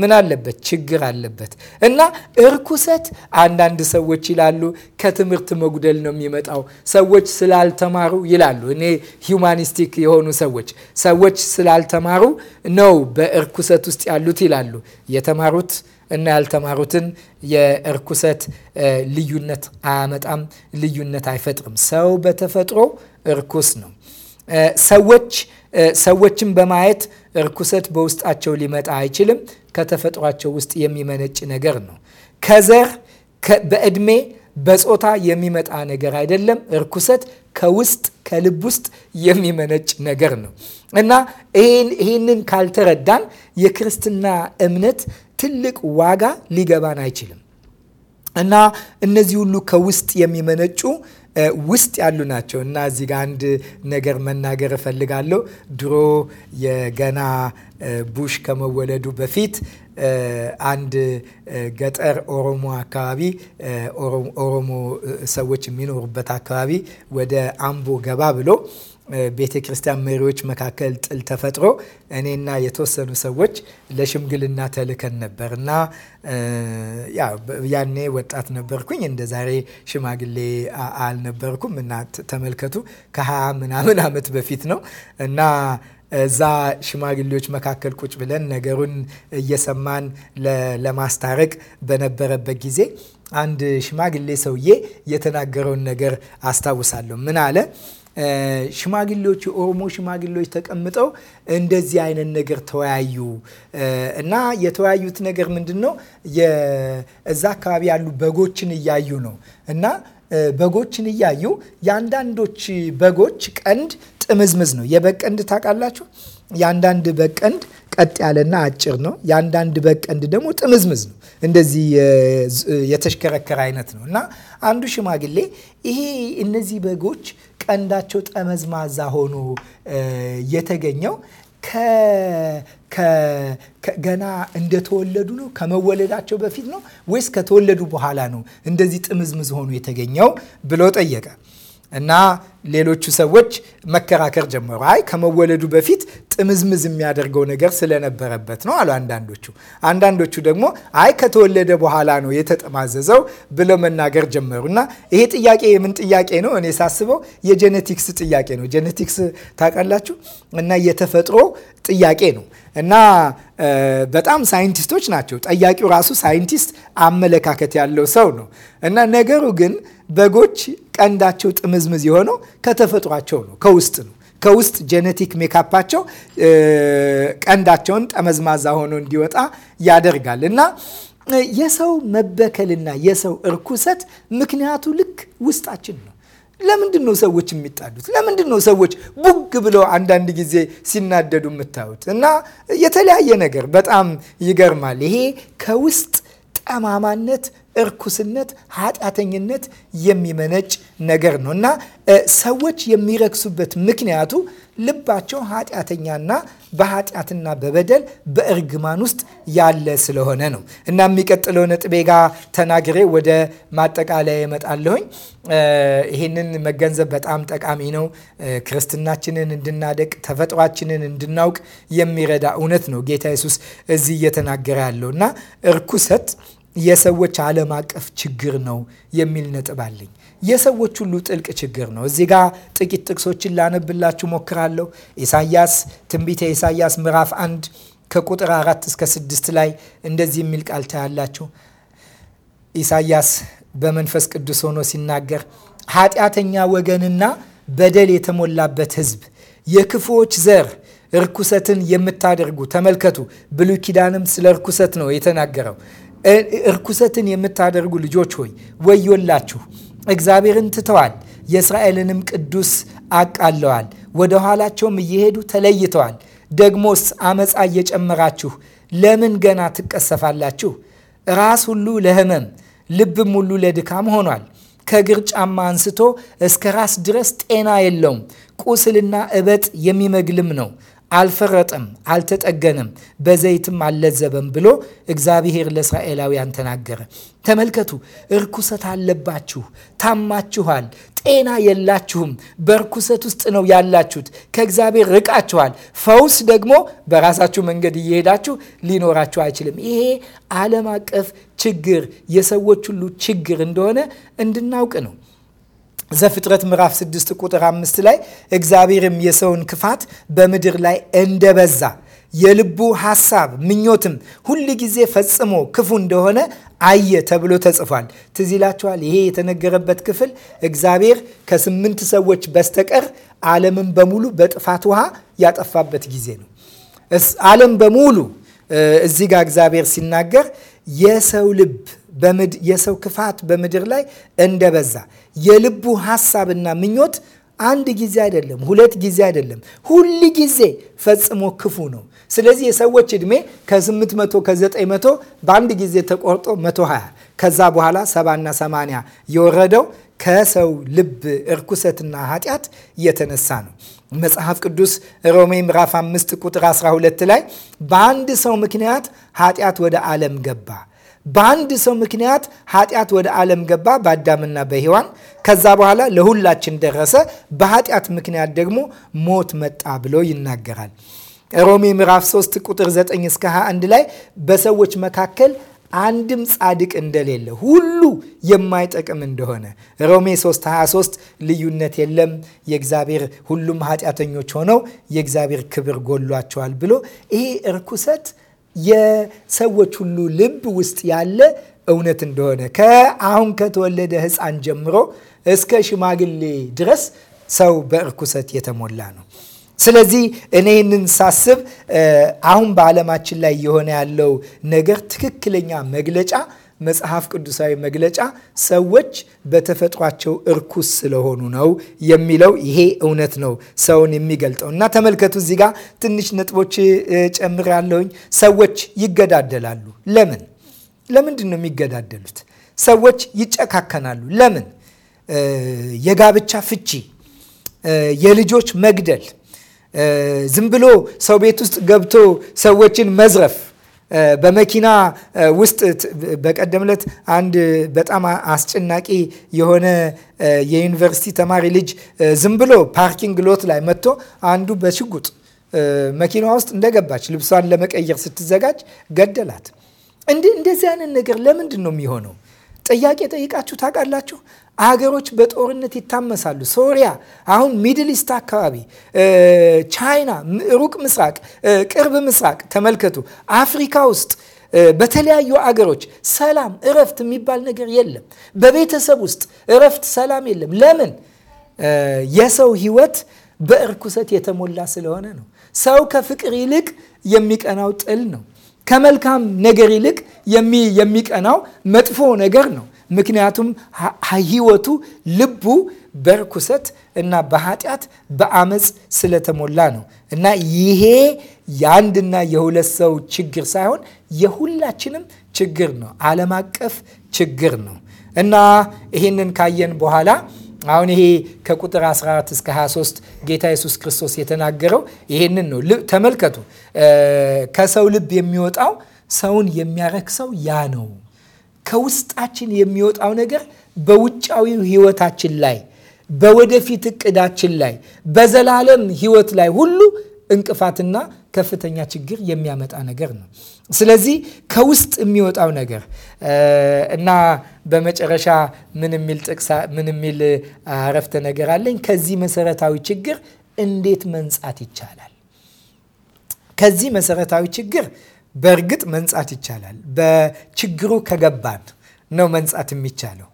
ምን አለበት? ችግር አለበት። እና እርኩሰት አንዳንድ ሰዎች ይላሉ ከትምህርት መጉደል ነው የሚመጣው፣ ሰዎች ስላልተማሩ ይላሉ። እኔ ሂውማኒስቲክ የሆኑ ሰዎች ሰዎች ስላልተማሩ ነው በእርኩሰት ውስጥ ያሉት ይላሉ። የተማሩት እና ያልተማሩትን የእርኩሰት ልዩነት አያመጣም፣ ልዩነት አይፈጥርም። ሰው በተፈጥሮ እርኩስ ነው። ሰዎች ሰዎችን በማየት እርኩሰት በውስጣቸው ሊመጣ አይችልም። ከተፈጥሯቸው ውስጥ የሚመነጭ ነገር ነው። ከዘር በእድሜ በጾታ የሚመጣ ነገር አይደለም። እርኩሰት ከውስጥ ከልብ ውስጥ የሚመነጭ ነገር ነው እና ይህንን ካልተረዳን የክርስትና እምነት ትልቅ ዋጋ ሊገባን አይችልም እና እነዚህ ሁሉ ከውስጥ የሚመነጩ ውስጥ ያሉ ናቸው እና እዚህ ጋር አንድ ነገር መናገር እፈልጋለሁ። ድሮ የገና ቡሽ ከመወለዱ በፊት አንድ ገጠር ኦሮሞ አካባቢ ኦሮሞ ሰዎች የሚኖሩበት አካባቢ ወደ አምቦ ገባ ብሎ ቤተ ክርስቲያን መሪዎች መካከል ጥል ተፈጥሮ እኔና የተወሰኑ ሰዎች ለሽምግልና ተልከን ነበር እና ያኔ ወጣት ነበርኩኝ እንደ ዛሬ ሽማግሌ አልነበርኩም እና ተመልከቱ ከሀያ ምናምን ዓመት በፊት ነው እና እዛ ሽማግሌዎች መካከል ቁጭ ብለን ነገሩን እየሰማን ለማስታረቅ በነበረበት ጊዜ አንድ ሽማግሌ ሰውዬ የተናገረውን ነገር አስታውሳለሁ። ምን አለ? ሽማግሌዎች የኦሮሞ ሽማግሌዎች ተቀምጠው እንደዚህ አይነት ነገር ተወያዩ እና የተወያዩት ነገር ምንድን ነው? እዛ አካባቢ ያሉ በጎችን እያዩ ነው እና በጎችን እያዩ የአንዳንዶች በጎች ቀንድ ጥምዝምዝ ነው። የበቀንድ ታውቃላችሁ? የአንዳንድ በቀንድ ቀጥ ያለና አጭር ነው። የአንዳንድ በቀንድ ደግሞ ጥምዝምዝ ነው። እንደዚህ የተሽከረከረ አይነት ነው እና አንዱ ሽማግሌ ይሄ እነዚህ በጎች ቀንዳቸው ጠመዝማዛ ሆኖ የተገኘው ገና እንደተወለዱ ነው? ከመወለዳቸው በፊት ነው ወይስ ከተወለዱ በኋላ ነው እንደዚህ ጥምዝምዝ ሆኖ የተገኘው ብሎ ጠየቀ። እና ሌሎቹ ሰዎች መከራከር ጀመሩ። አይ ከመወለዱ በፊት ጥምዝምዝ የሚያደርገው ነገር ስለነበረበት ነው አሉ አንዳንዶቹ። አንዳንዶቹ ደግሞ አይ ከተወለደ በኋላ ነው የተጠማዘዘው ብለው መናገር ጀመሩ። እና ይሄ ጥያቄ የምን ጥያቄ ነው? እኔ ሳስበው የጀኔቲክስ ጥያቄ ነው። ጀኔቲክስ ታውቃላችሁ፣ እና የተፈጥሮ ጥያቄ ነው እና በጣም ሳይንቲስቶች ናቸው። ጠያቂው ራሱ ሳይንቲስት አመለካከት ያለው ሰው ነው እና ነገሩ ግን በጎች ቀንዳቸው ጥምዝምዝ የሆነው ከተፈጥሯቸው ነው፣ ከውስጥ ነው። ከውስጥ ጄኔቲክ ሜካፓቸው ቀንዳቸውን ጠመዝማዛ ሆኖ እንዲወጣ ያደርጋል እና የሰው መበከልና የሰው እርኩሰት ምክንያቱ ልክ ውስጣችን ነው። ለምንድን ነው ሰዎች የሚጣሉት? ለምንድን ነው ሰዎች ቡግ ብለው አንዳንድ ጊዜ ሲናደዱ የምታዩት? እና የተለያየ ነገር በጣም ይገርማል። ይሄ ከውስጥ ጠማማነት እርኩስነት፣ ኃጢአተኝነት የሚመነጭ ነገር ነው እና ሰዎች የሚረክሱበት ምክንያቱ ልባቸው ኃጢአተኛና በኃጢአትና በበደል በእርግማን ውስጥ ያለ ስለሆነ ነው እና የሚቀጥለው ነጥቤ ጋ ተናግሬ ወደ ማጠቃለያ ይመጣለሁኝ። ይህንን መገንዘብ በጣም ጠቃሚ ነው። ክርስትናችንን እንድናደቅ ተፈጥሯችንን እንድናውቅ የሚረዳ እውነት ነው ጌታ የሱስ እዚህ እየተናገረ ያለው እና እርኩሰት የሰዎች ዓለም አቀፍ ችግር ነው የሚል ነጥብ አለኝ። የሰዎች ሁሉ ጥልቅ ችግር ነው። እዚህ ጋ ጥቂት ጥቅሶችን ላነብላችሁ ሞክራለሁ። ኢሳያስ ትንቢተ ኢሳያስ ምዕራፍ አንድ ከቁጥር አራት እስከ ስድስት ላይ እንደዚህ የሚል ቃል ታያላችሁ። ኢሳያስ በመንፈስ ቅዱስ ሆኖ ሲናገር ኃጢአተኛ ወገንና በደል የተሞላበት ሕዝብ የክፉዎች ዘር እርኩሰትን የምታደርጉ ተመልከቱ። ብሉይ ኪዳንም ስለ እርኩሰት ነው የተናገረው። እርኩሰትን የምታደርጉ ልጆች ሆይ ወዮላችሁ! እግዚአብሔርን ትተዋል፣ የእስራኤልንም ቅዱስ አቃለዋል። ወደ ኋላቸውም እየሄዱ ተለይተዋል። ደግሞስ አመፃ እየጨመራችሁ ለምን ገና ትቀሰፋላችሁ? ራስ ሁሉ ለህመም ልብም ሁሉ ለድካም ሆኗል። ከእግር ጫማ አንስቶ እስከ ራስ ድረስ ጤና የለውም፣ ቁስልና እበጥ የሚመግልም ነው። አልፈረጠም፣ አልተጠገነም፣ በዘይትም አልለዘበም ብሎ እግዚአብሔር ለእስራኤላውያን ተናገረ። ተመልከቱ፣ እርኩሰት አለባችሁ፣ ታማችኋል፣ ጤና የላችሁም፣ በርኩሰት ውስጥ ነው ያላችሁት፣ ከእግዚአብሔር ርቃችኋል። ፈውስ ደግሞ በራሳችሁ መንገድ እየሄዳችሁ ሊኖራችሁ አይችልም። ይሄ ዓለም አቀፍ ችግር፣ የሰዎች ሁሉ ችግር እንደሆነ እንድናውቅ ነው። ዘፍጥረት ምዕራፍ 6 ቁጥር 5 ላይ እግዚአብሔርም የሰውን ክፋት በምድር ላይ እንደበዛ የልቡ ሐሳብ ምኞትም ሁል ጊዜ ፈጽሞ ክፉ እንደሆነ አየ ተብሎ ተጽፏል። ትዝ ይላችኋል። ይሄ የተነገረበት ክፍል እግዚአብሔር ከስምንት ሰዎች በስተቀር ዓለምን በሙሉ በጥፋት ውሃ ያጠፋበት ጊዜ ነው። ዓለም በሙሉ እዚህ ጋር እግዚአብሔር ሲናገር የሰው ልብ የሰው ክፋት በምድር ላይ እንደበዛ የልቡ ሐሳብና ምኞት አንድ ጊዜ አይደለም፣ ሁለት ጊዜ አይደለም፣ ሁል ጊዜ ፈጽሞ ክፉ ነው። ስለዚህ የሰዎች ዕድሜ ከ800 ከ900 በአንድ ጊዜ ተቆርጦ 120 ከዛ በኋላ 70 እና 80 የወረደው ከሰው ልብ እርኩሰትና ኃጢአት የተነሳ ነው። መጽሐፍ ቅዱስ ሮሜ ምዕራፍ 5 ቁጥር 12 ላይ በአንድ ሰው ምክንያት ኃጢአት ወደ ዓለም ገባ በአንድ ሰው ምክንያት ኃጢአት ወደ ዓለም ገባ በአዳምና በሔዋን ከዛ በኋላ ለሁላችን ደረሰ። በኃጢአት ምክንያት ደግሞ ሞት መጣ ብሎ ይናገራል። ሮሜ ምዕራፍ 3 ቁጥር 9 እስከ 21 ላይ በሰዎች መካከል አንድም ጻድቅ እንደሌለ ሁሉ የማይጠቅም እንደሆነ ሮሜ 3 23 ልዩነት የለም የእግዚአብሔር ሁሉም ኃጢአተኞች ሆነው የእግዚአብሔር ክብር ጎሏቸዋል ብሎ ይሄ እርኩሰት የሰዎች ሁሉ ልብ ውስጥ ያለ እውነት እንደሆነ ከአሁን ከተወለደ ሕፃን ጀምሮ እስከ ሽማግሌ ድረስ ሰው በእርኩሰት የተሞላ ነው። ስለዚህ እኔ ይህንን ሳስብ አሁን በዓለማችን ላይ የሆነ ያለው ነገር ትክክለኛ መግለጫ መጽሐፍ ቅዱሳዊ መግለጫ ሰዎች በተፈጥሯቸው እርኩስ ስለሆኑ ነው የሚለው ይሄ እውነት ነው ሰውን የሚገልጠው። እና ተመልከቱ እዚህ ጋ ትንሽ ነጥቦች ያለውኝ ሰዎች ይገዳደላሉ። ለምን? ለምንድን ነው የሚገዳደሉት? ሰዎች ይጨካከናሉ። ለምን? የጋብቻ ፍቺ፣ የልጆች መግደል፣ ዝም ብሎ ሰው ቤት ውስጥ ገብቶ ሰዎችን መዝረፍ በመኪና ውስጥ በቀደምለት አንድ በጣም አስጨናቂ የሆነ የዩኒቨርሲቲ ተማሪ ልጅ ዝም ብሎ ፓርኪንግ ሎት ላይ መጥቶ አንዱ በሽጉጥ መኪና ውስጥ እንደገባች ልብሷን ለመቀየር ስትዘጋጅ ገደላት። እንደዚህ አይነት ነገር ለምንድን ነው የሚሆነው? ጥያቄ ጠይቃችሁ ታውቃላችሁ? አገሮች በጦርነት ይታመሳሉ። ሶሪያ፣ አሁን ሚድል ኢስት አካባቢ፣ ቻይና፣ ሩቅ ምስራቅ፣ ቅርብ ምስራቅ ተመልከቱ። አፍሪካ ውስጥ በተለያዩ አገሮች ሰላም፣ እረፍት የሚባል ነገር የለም። በቤተሰብ ውስጥ እረፍት፣ ሰላም የለም። ለምን? የሰው ህይወት በእርኩሰት የተሞላ ስለሆነ ነው። ሰው ከፍቅር ይልቅ የሚቀናው ጥል ነው። ከመልካም ነገር ይልቅ የሚቀናው መጥፎ ነገር ነው። ምክንያቱም ህይወቱ ልቡ በርኩሰት እና በኃጢአት በአመፅ ስለተሞላ ነው እና ይሄ የአንድና የሁለት ሰው ችግር ሳይሆን የሁላችንም ችግር ነው። ዓለም አቀፍ ችግር ነው እና ይህንን ካየን በኋላ አሁን ይሄ ከቁጥር 14 እስከ 23 ጌታ ኢየሱስ ክርስቶስ የተናገረው ይሄንን ነው። ተመልከቱ፣ ከሰው ልብ የሚወጣው ሰውን የሚያረክሰው ያ ነው ከውስጣችን የሚወጣው ነገር በውጫዊው ህይወታችን ላይ፣ በወደፊት እቅዳችን ላይ፣ በዘላለም ህይወት ላይ ሁሉ እንቅፋትና ከፍተኛ ችግር የሚያመጣ ነገር ነው። ስለዚህ ከውስጥ የሚወጣው ነገር እና በመጨረሻ ምን የሚል ጥቅሳ ምን የሚል አረፍተ ነገር አለኝ። ከዚህ መሰረታዊ ችግር እንዴት መንጻት ይቻላል? ከዚህ መሰረታዊ ችግር በእርግጥ መንጻት ይቻላል። በችግሩ ከገባን ነው መንጻት የሚቻለው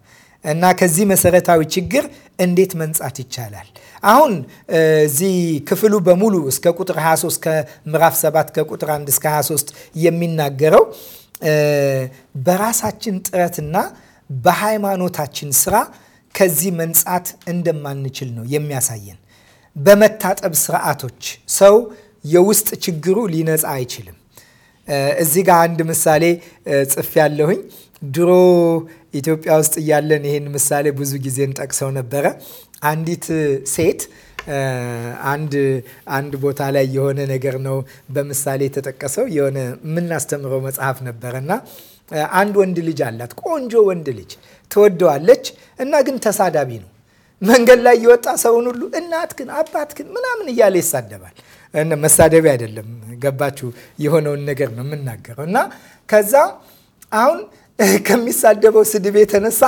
እና ከዚህ መሰረታዊ ችግር እንዴት መንጻት ይቻላል? አሁን እዚህ ክፍሉ በሙሉ እስከ ቁጥር 23 ከምዕራፍ 7 ከቁጥር 1 እስከ 23 የሚናገረው በራሳችን ጥረትና በሃይማኖታችን ስራ ከዚህ መንጻት እንደማንችል ነው የሚያሳየን። በመታጠብ ስርዓቶች ሰው የውስጥ ችግሩ ሊነጻ አይችልም። እዚህ ጋር አንድ ምሳሌ ጽፍ ያለሁኝ ድሮ ኢትዮጵያ ውስጥ እያለን ይህን ምሳሌ ብዙ ጊዜን ጠቅሰው ነበረ። አንዲት ሴት አንድ አንድ ቦታ ላይ የሆነ ነገር ነው በምሳሌ የተጠቀሰው የሆነ የምናስተምረው መጽሐፍ ነበረ እና አንድ ወንድ ልጅ አላት። ቆንጆ ወንድ ልጅ ትወደዋለች እና ግን ተሳዳቢ ነው። መንገድ ላይ የወጣ ሰውን ሁሉ እናትክን፣ አባትክን ምናምን እያለ ይሳደባል። መሳደቢያ አይደለም። ገባችሁ? የሆነውን ነገር ነው የምናገረው። እና ከዛ አሁን ከሚሳደበው ስድብ የተነሳ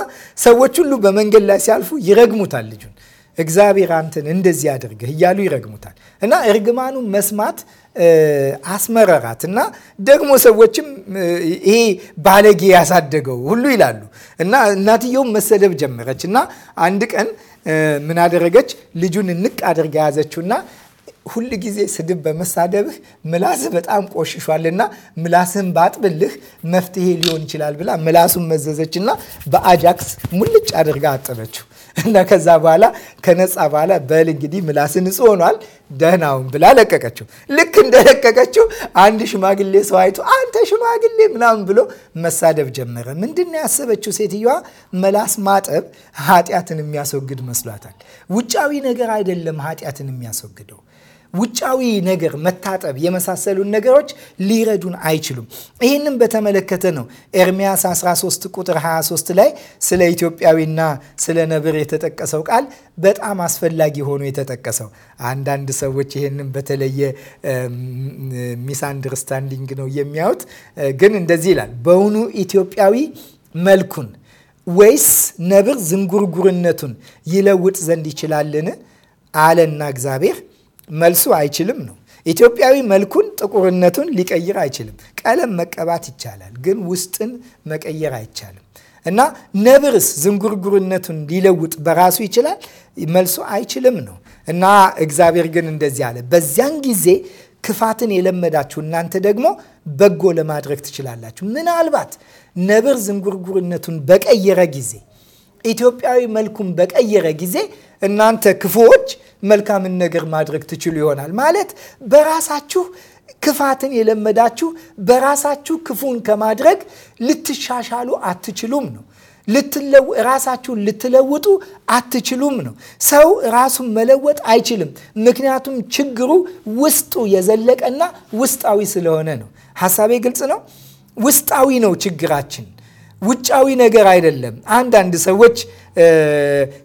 ሰዎች ሁሉ በመንገድ ላይ ሲያልፉ ይረግሙታል ልጁን እግዚአብሔር አንተን እንደዚህ ያድርግህ እያሉ ይረግሙታል። እና እርግማኑ መስማት አስመረራት እና ደግሞ ሰዎችም ይሄ ባለጌ ያሳደገው ሁሉ ይላሉ እና እናትየውም መሰደብ ጀመረች እና አንድ ቀን ምን አደረገች? ልጁን እንቅ አድርጋ ያዘችውና ሁል ጊዜ ስድብ በመሳደብህ ምላስ በጣም ቆሽሿልና ምላስህን ባጥብልህ መፍትሄ ሊሆን ይችላል ብላ ምላሱን መዘዘችና በአጃክስ ሙልጭ አድርጋ አጠበችው እና ከዛ በኋላ ከነፃ በኋላ በል እንግዲህ ምላስ ንጹህ ሆኗል ደህናውን ብላ ለቀቀችው። ልክ እንደለቀቀችው አንድ ሽማግሌ ሰው አይቶ አንተ ሽማግሌ ምናምን ብሎ መሳደብ ጀመረ። ምንድን ያሰበችው ሴትዮዋ መላስ ማጠብ ኃጢአትን የሚያስወግድ መስሏታል። ውጫዊ ነገር አይደለም ኃጢአትን የሚያስወግደው ውጫዊ ነገር መታጠብ የመሳሰሉን ነገሮች ሊረዱን አይችሉም። ይህንም በተመለከተ ነው ኤርሚያስ 13 ቁጥር 23 ላይ ስለ ኢትዮጵያዊና ስለ ነብር የተጠቀሰው ቃል በጣም አስፈላጊ ሆኖ የተጠቀሰው። አንዳንድ ሰዎች ይህንም በተለየ ሚስ አንደርስታንዲንግ ነው የሚያዩት። ግን እንደዚህ ይላል በውኑ ኢትዮጵያዊ መልኩን ወይስ ነብር ዝንጉርጉርነቱን ይለውጥ ዘንድ ይችላልን? አለና እግዚአብሔር መልሱ አይችልም ነው። ኢትዮጵያዊ መልኩን ጥቁርነቱን ሊቀይር አይችልም። ቀለም መቀባት ይቻላል፣ ግን ውስጥን መቀየር አይቻልም። እና ነብርስ ዝንጉርጉርነቱን ሊለውጥ በራሱ ይችላል? መልሱ አይችልም ነው። እና እግዚአብሔር ግን እንደዚህ አለ፣ በዚያን ጊዜ ክፋትን የለመዳችሁ እናንተ ደግሞ በጎ ለማድረግ ትችላላችሁ። ምናልባት ነብር ዝንጉርጉርነቱን በቀየረ ጊዜ፣ ኢትዮጵያዊ መልኩን በቀየረ ጊዜ እናንተ ክፉዎች መልካምን ነገር ማድረግ ትችሉ ይሆናል። ማለት በራሳችሁ ክፋትን የለመዳችሁ በራሳችሁ ክፉን ከማድረግ ልትሻሻሉ አትችሉም ነው ራሳችሁን ልትለውጡ አትችሉም ነው። ሰው ራሱን መለወጥ አይችልም። ምክንያቱም ችግሩ ውስጡ የዘለቀና ውስጣዊ ስለሆነ ነው። ሀሳቤ ግልጽ ነው። ውስጣዊ ነው ችግራችን፣ ውጫዊ ነገር አይደለም። አንዳንድ ሰዎች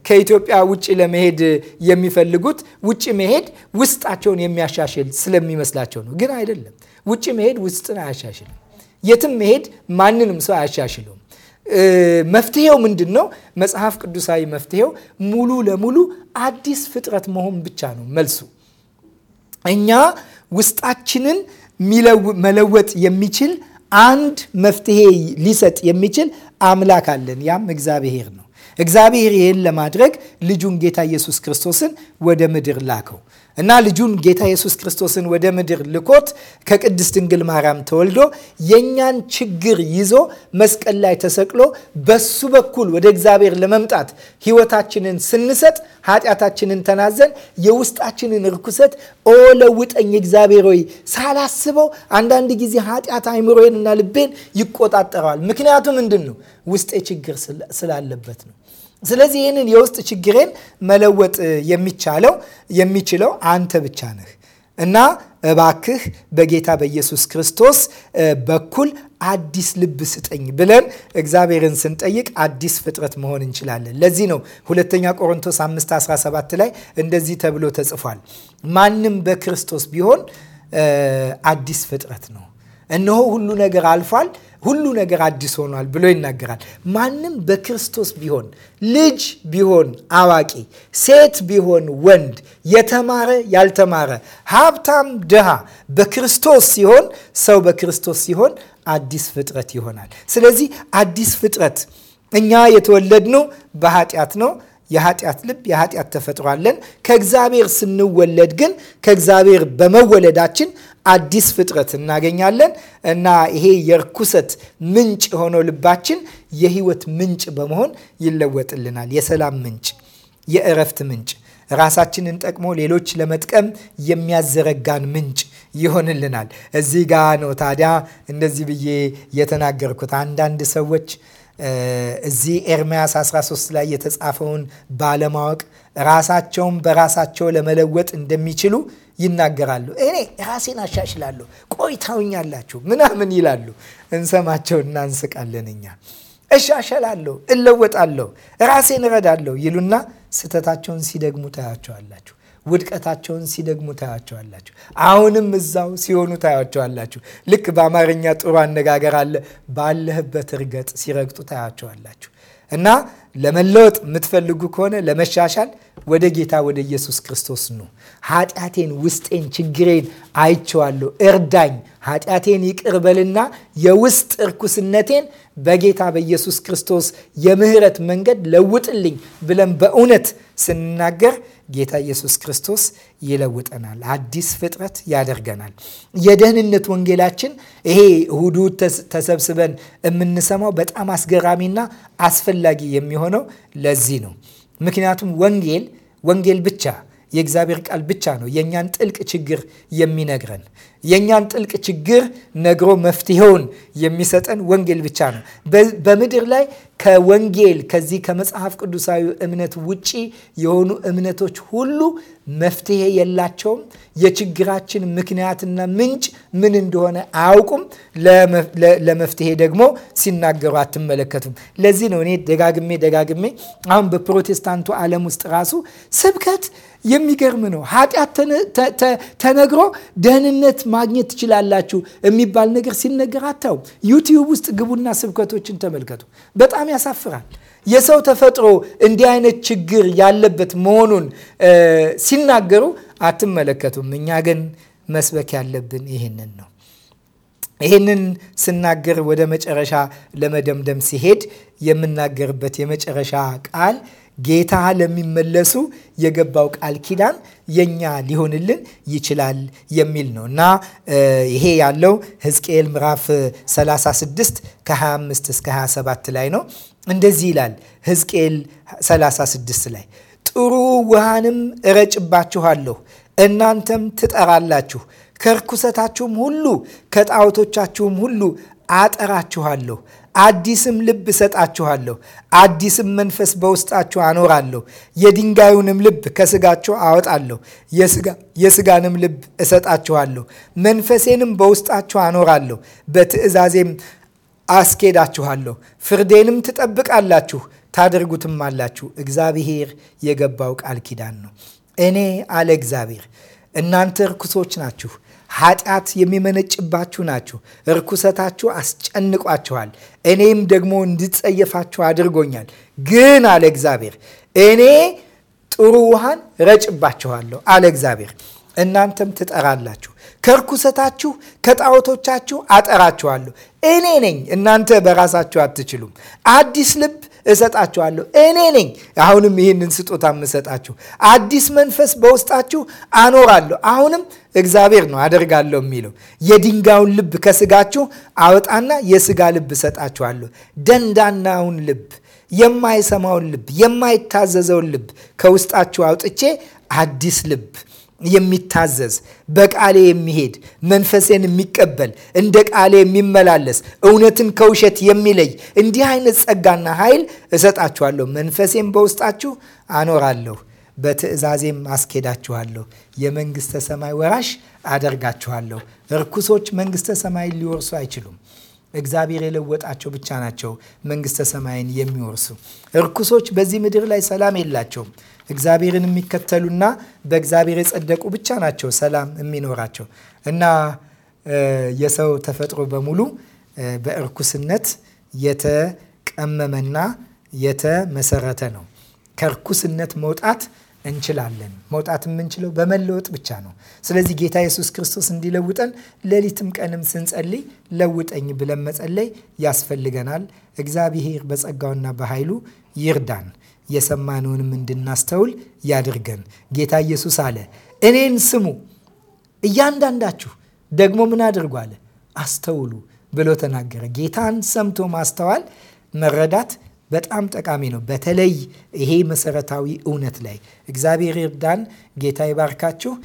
ከኢትዮጵያ ውጭ ለመሄድ የሚፈልጉት ውጭ መሄድ ውስጣቸውን የሚያሻሽል ስለሚመስላቸው ነው። ግን አይደለም። ውጭ መሄድ ውስጥን አያሻሽልም። የትም መሄድ ማንንም ሰው አያሻሽለውም። መፍትሄው ምንድን ነው? መጽሐፍ ቅዱሳዊ መፍትሄው ሙሉ ለሙሉ አዲስ ፍጥረት መሆን ብቻ ነው መልሱ። እኛ ውስጣችንን መለወጥ የሚችል አንድ መፍትሄ ሊሰጥ የሚችል አምላክ አለን። ያም እግዚአብሔር ነው። እግዚአብሔር ይህን ለማድረግ ልጁን ጌታ ኢየሱስ ክርስቶስን ወደ ምድር ላከው እና ልጁን ጌታ ኢየሱስ ክርስቶስን ወደ ምድር ልኮት ከቅድስት ድንግል ማርያም ተወልዶ የእኛን ችግር ይዞ መስቀል ላይ ተሰቅሎ በሱ በኩል ወደ እግዚአብሔር ለመምጣት ሕይወታችንን ስንሰጥ ኃጢአታችንን ተናዘን የውስጣችንን ርኩሰት ኦ ለውጠኝ እግዚአብሔር ሆይ ሳላስበው አንዳንድ ጊዜ ኃጢአት አይምሮዬንና ልቤን ይቆጣጠረዋል። ምክንያቱ ምንድን ነው? ውስጤ ችግር ስላለበት ነው። ስለዚህ ይህንን የውስጥ ችግሬን መለወጥ የሚቻለው የሚችለው አንተ ብቻ ነህ እና እባክህ በጌታ በኢየሱስ ክርስቶስ በኩል አዲስ ልብ ስጠኝ ብለን እግዚአብሔርን ስንጠይቅ አዲስ ፍጥረት መሆን እንችላለን። ለዚህ ነው ሁለተኛ ቆሮንቶስ 5:17 ላይ እንደዚህ ተብሎ ተጽፏል። ማንም በክርስቶስ ቢሆን አዲስ ፍጥረት ነው። እነሆ ሁሉ ነገር አልፏል ሁሉ ነገር አዲስ ሆኗል ብሎ ይናገራል። ማንም በክርስቶስ ቢሆን ልጅ ቢሆን አዋቂ፣ ሴት ቢሆን ወንድ፣ የተማረ ያልተማረ፣ ሀብታም ድሃ በክርስቶስ ሲሆን ሰው በክርስቶስ ሲሆን አዲስ ፍጥረት ይሆናል። ስለዚህ አዲስ ፍጥረት እኛ የተወለድነው በኃጢአት ነው። የኃጢአት ልብ የኃጢአት ተፈጥሯለን። ከእግዚአብሔር ስንወለድ ግን ከእግዚአብሔር በመወለዳችን አዲስ ፍጥረት እናገኛለን እና ይሄ የርኩሰት ምንጭ የሆነው ልባችን የህይወት ምንጭ በመሆን ይለወጥልናል። የሰላም ምንጭ፣ የእረፍት ምንጭ፣ ራሳችንን ጠቅሞ ሌሎች ለመጥቀም የሚያዘረጋን ምንጭ ይሆንልናል። እዚህ ጋ ነው ታዲያ እንደዚህ ብዬ የተናገርኩት አንዳንድ ሰዎች እዚህ ኤርምያስ 13 ላይ የተጻፈውን ባለማወቅ ራሳቸውን በራሳቸው ለመለወጥ እንደሚችሉ ይናገራሉ። እኔ ራሴን አሻሽላለሁ፣ ቆይታውኛላችሁ ምናምን ይላሉ። እንሰማቸው እናንስቃለን። እኛ እሻሸላለሁ፣ እለወጣለሁ፣ ራሴን እረዳለሁ ይሉና ስህተታቸውን ሲደግሙ ታያቸዋላችሁ። ውድቀታቸውን ሲደግሙ ታያቸዋላችሁ። አሁንም እዛው ሲሆኑ ታያቸዋላችሁ። ልክ በአማርኛ ጥሩ አነጋገር አለ፣ ባለህበት እርገጥ ሲረግጡ ታያቸዋላችሁ። እና ለመለወጥ የምትፈልጉ ከሆነ ለመሻሻል ወደ ጌታ ወደ ኢየሱስ ክርስቶስ ኑ። ኃጢአቴን፣ ውስጤን፣ ችግሬን አይቸዋለሁ እርዳኝ፣ ኃጢአቴን ይቅርበልና የውስጥ እርኩስነቴን በጌታ በኢየሱስ ክርስቶስ የምህረት መንገድ ለውጥልኝ ብለን በእውነት ስንናገር ጌታ ኢየሱስ ክርስቶስ ይለውጠናል፣ አዲስ ፍጥረት ያደርገናል። የደህንነት ወንጌላችን ይሄ እሁድ እሁድ ተሰብስበን የምንሰማው በጣም አስገራሚና አስፈላጊ የሚሆነው ለዚህ ነው። ምክንያቱም ወንጌል ወንጌል ብቻ የእግዚአብሔር ቃል ብቻ ነው የእኛን ጥልቅ ችግር የሚነግረን። የእኛን ጥልቅ ችግር ነግሮ መፍትሄውን የሚሰጠን ወንጌል ብቻ ነው። በምድር ላይ ከወንጌል ከዚህ ከመጽሐፍ ቅዱሳዊ እምነት ውጪ የሆኑ እምነቶች ሁሉ መፍትሄ የላቸውም። የችግራችን ምክንያትና ምንጭ ምን እንደሆነ አያውቁም። ለመፍትሄ ደግሞ ሲናገሩ አትመለከቱም። ለዚህ ነው እኔ ደጋግሜ ደጋግሜ አሁን በፕሮቴስታንቱ ዓለም ውስጥ ራሱ ስብከት የሚገርም ነው። ኃጢአት ተነግሮ ደህንነት ማግኘት ትችላላችሁ የሚባል ነገር ሲነገር አታው። ዩቲዩብ ውስጥ ግቡና ስብከቶችን ተመልከቱ። በጣም ያሳፍራል። የሰው ተፈጥሮ እንዲህ አይነት ችግር ያለበት መሆኑን ሲናገሩ አትመለከቱም። እኛ ግን መስበክ ያለብን ይህንን ነው። ይህንን ስናገር ወደ መጨረሻ ለመደምደም ሲሄድ የምናገርበት የመጨረሻ ቃል ጌታ ለሚመለሱ የገባው ቃል ኪዳን የኛ ሊሆንልን ይችላል የሚል ነው እና ይሄ ያለው ህዝቅኤል ምዕራፍ 36 ከ25 እስከ 27 ላይ ነው። እንደዚህ ይላል ህዝቅኤል 36 ላይ ጥሩ ውሃንም እረጭባችኋለሁ፣ እናንተም ትጠራላችሁ፣ ከርኩሰታችሁም ሁሉ ከጣዖቶቻችሁም ሁሉ አጠራችኋለሁ አዲስም ልብ እሰጣችኋለሁ፣ አዲስም መንፈስ በውስጣችሁ አኖራለሁ፣ የድንጋዩንም ልብ ከስጋችሁ አወጣለሁ፣ የስጋንም ልብ እሰጣችኋለሁ፣ መንፈሴንም በውስጣችሁ አኖራለሁ፣ በትእዛዜም አስኬዳችኋለሁ፣ ፍርዴንም ትጠብቃላችሁ፣ ታደርጉትም አላችሁ። እግዚአብሔር የገባው ቃል ኪዳን ነው። እኔ አለ እግዚአብሔር እናንተ ርኩሶች ናችሁ ኃጢአት የሚመነጭባችሁ ናችሁ። እርኩሰታችሁ አስጨንቋችኋል፣ እኔም ደግሞ እንድጸየፋችሁ አድርጎኛል። ግን አለ እግዚአብሔር፣ እኔ ጥሩ ውሃን ረጭባችኋለሁ አለ እግዚአብሔር። እናንተም ትጠራላችሁ፣ ከርኩሰታችሁ ከጣዖቶቻችሁ አጠራችኋለሁ። እኔ ነኝ፣ እናንተ በራሳችሁ አትችሉም። አዲስ ልብ እሰጣችኋለሁ። እኔ ነኝ አሁንም ይህንን ስጦታ የምሰጣችሁ። አዲስ መንፈስ በውስጣችሁ አኖራለሁ። አሁንም እግዚአብሔር ነው አደርጋለሁ የሚለው የድንጋዩን ልብ ከስጋችሁ አወጣና የስጋ ልብ እሰጣችኋለሁ። ደንዳናውን ልብ፣ የማይሰማውን ልብ፣ የማይታዘዘውን ልብ ከውስጣችሁ አውጥቼ አዲስ ልብ የሚታዘዝ በቃሌ የሚሄድ መንፈሴን የሚቀበል እንደ ቃሌ የሚመላለስ እውነትን ከውሸት የሚለይ እንዲህ አይነት ጸጋና ኃይል እሰጣችኋለሁ። መንፈሴን በውስጣችሁ አኖራለሁ፣ በትእዛዜም አስኬዳችኋለሁ፣ የመንግስተ ሰማይ ወራሽ አደርጋችኋለሁ። እርኩሶች መንግስተ ሰማይን ሊወርሱ አይችሉም። እግዚአብሔር የለወጣቸው ብቻ ናቸው መንግስተ ሰማይን የሚወርሱ። እርኩሶች በዚህ ምድር ላይ ሰላም የላቸውም። እግዚአብሔርን የሚከተሉና በእግዚአብሔር የጸደቁ ብቻ ናቸው ሰላም የሚኖራቸው እና የሰው ተፈጥሮ በሙሉ በእርኩስነት የተቀመመና የተመሰረተ ነው። ከእርኩስነት መውጣት እንችላለን። መውጣት የምንችለው በመለወጥ ብቻ ነው። ስለዚህ ጌታ ኢየሱስ ክርስቶስ እንዲለውጠን ሌሊትም ቀንም ስንጸልይ ለውጠኝ ብለን መጸለይ ያስፈልገናል። እግዚአብሔር በጸጋውና በኃይሉ ይርዳን። የሰማነውንም እንድናስተውል ያድርገን። ጌታ ኢየሱስ አለ እኔን ስሙ እያንዳንዳችሁ ደግሞ ምን አድርጉ አለ አስተውሉ ብሎ ተናገረ። ጌታን ሰምቶ ማስተዋል መረዳት በጣም ጠቃሚ ነው። በተለይ ይሄ መሰረታዊ እውነት ላይ እግዚአብሔር ይርዳን። ጌታ ይባርካችሁ።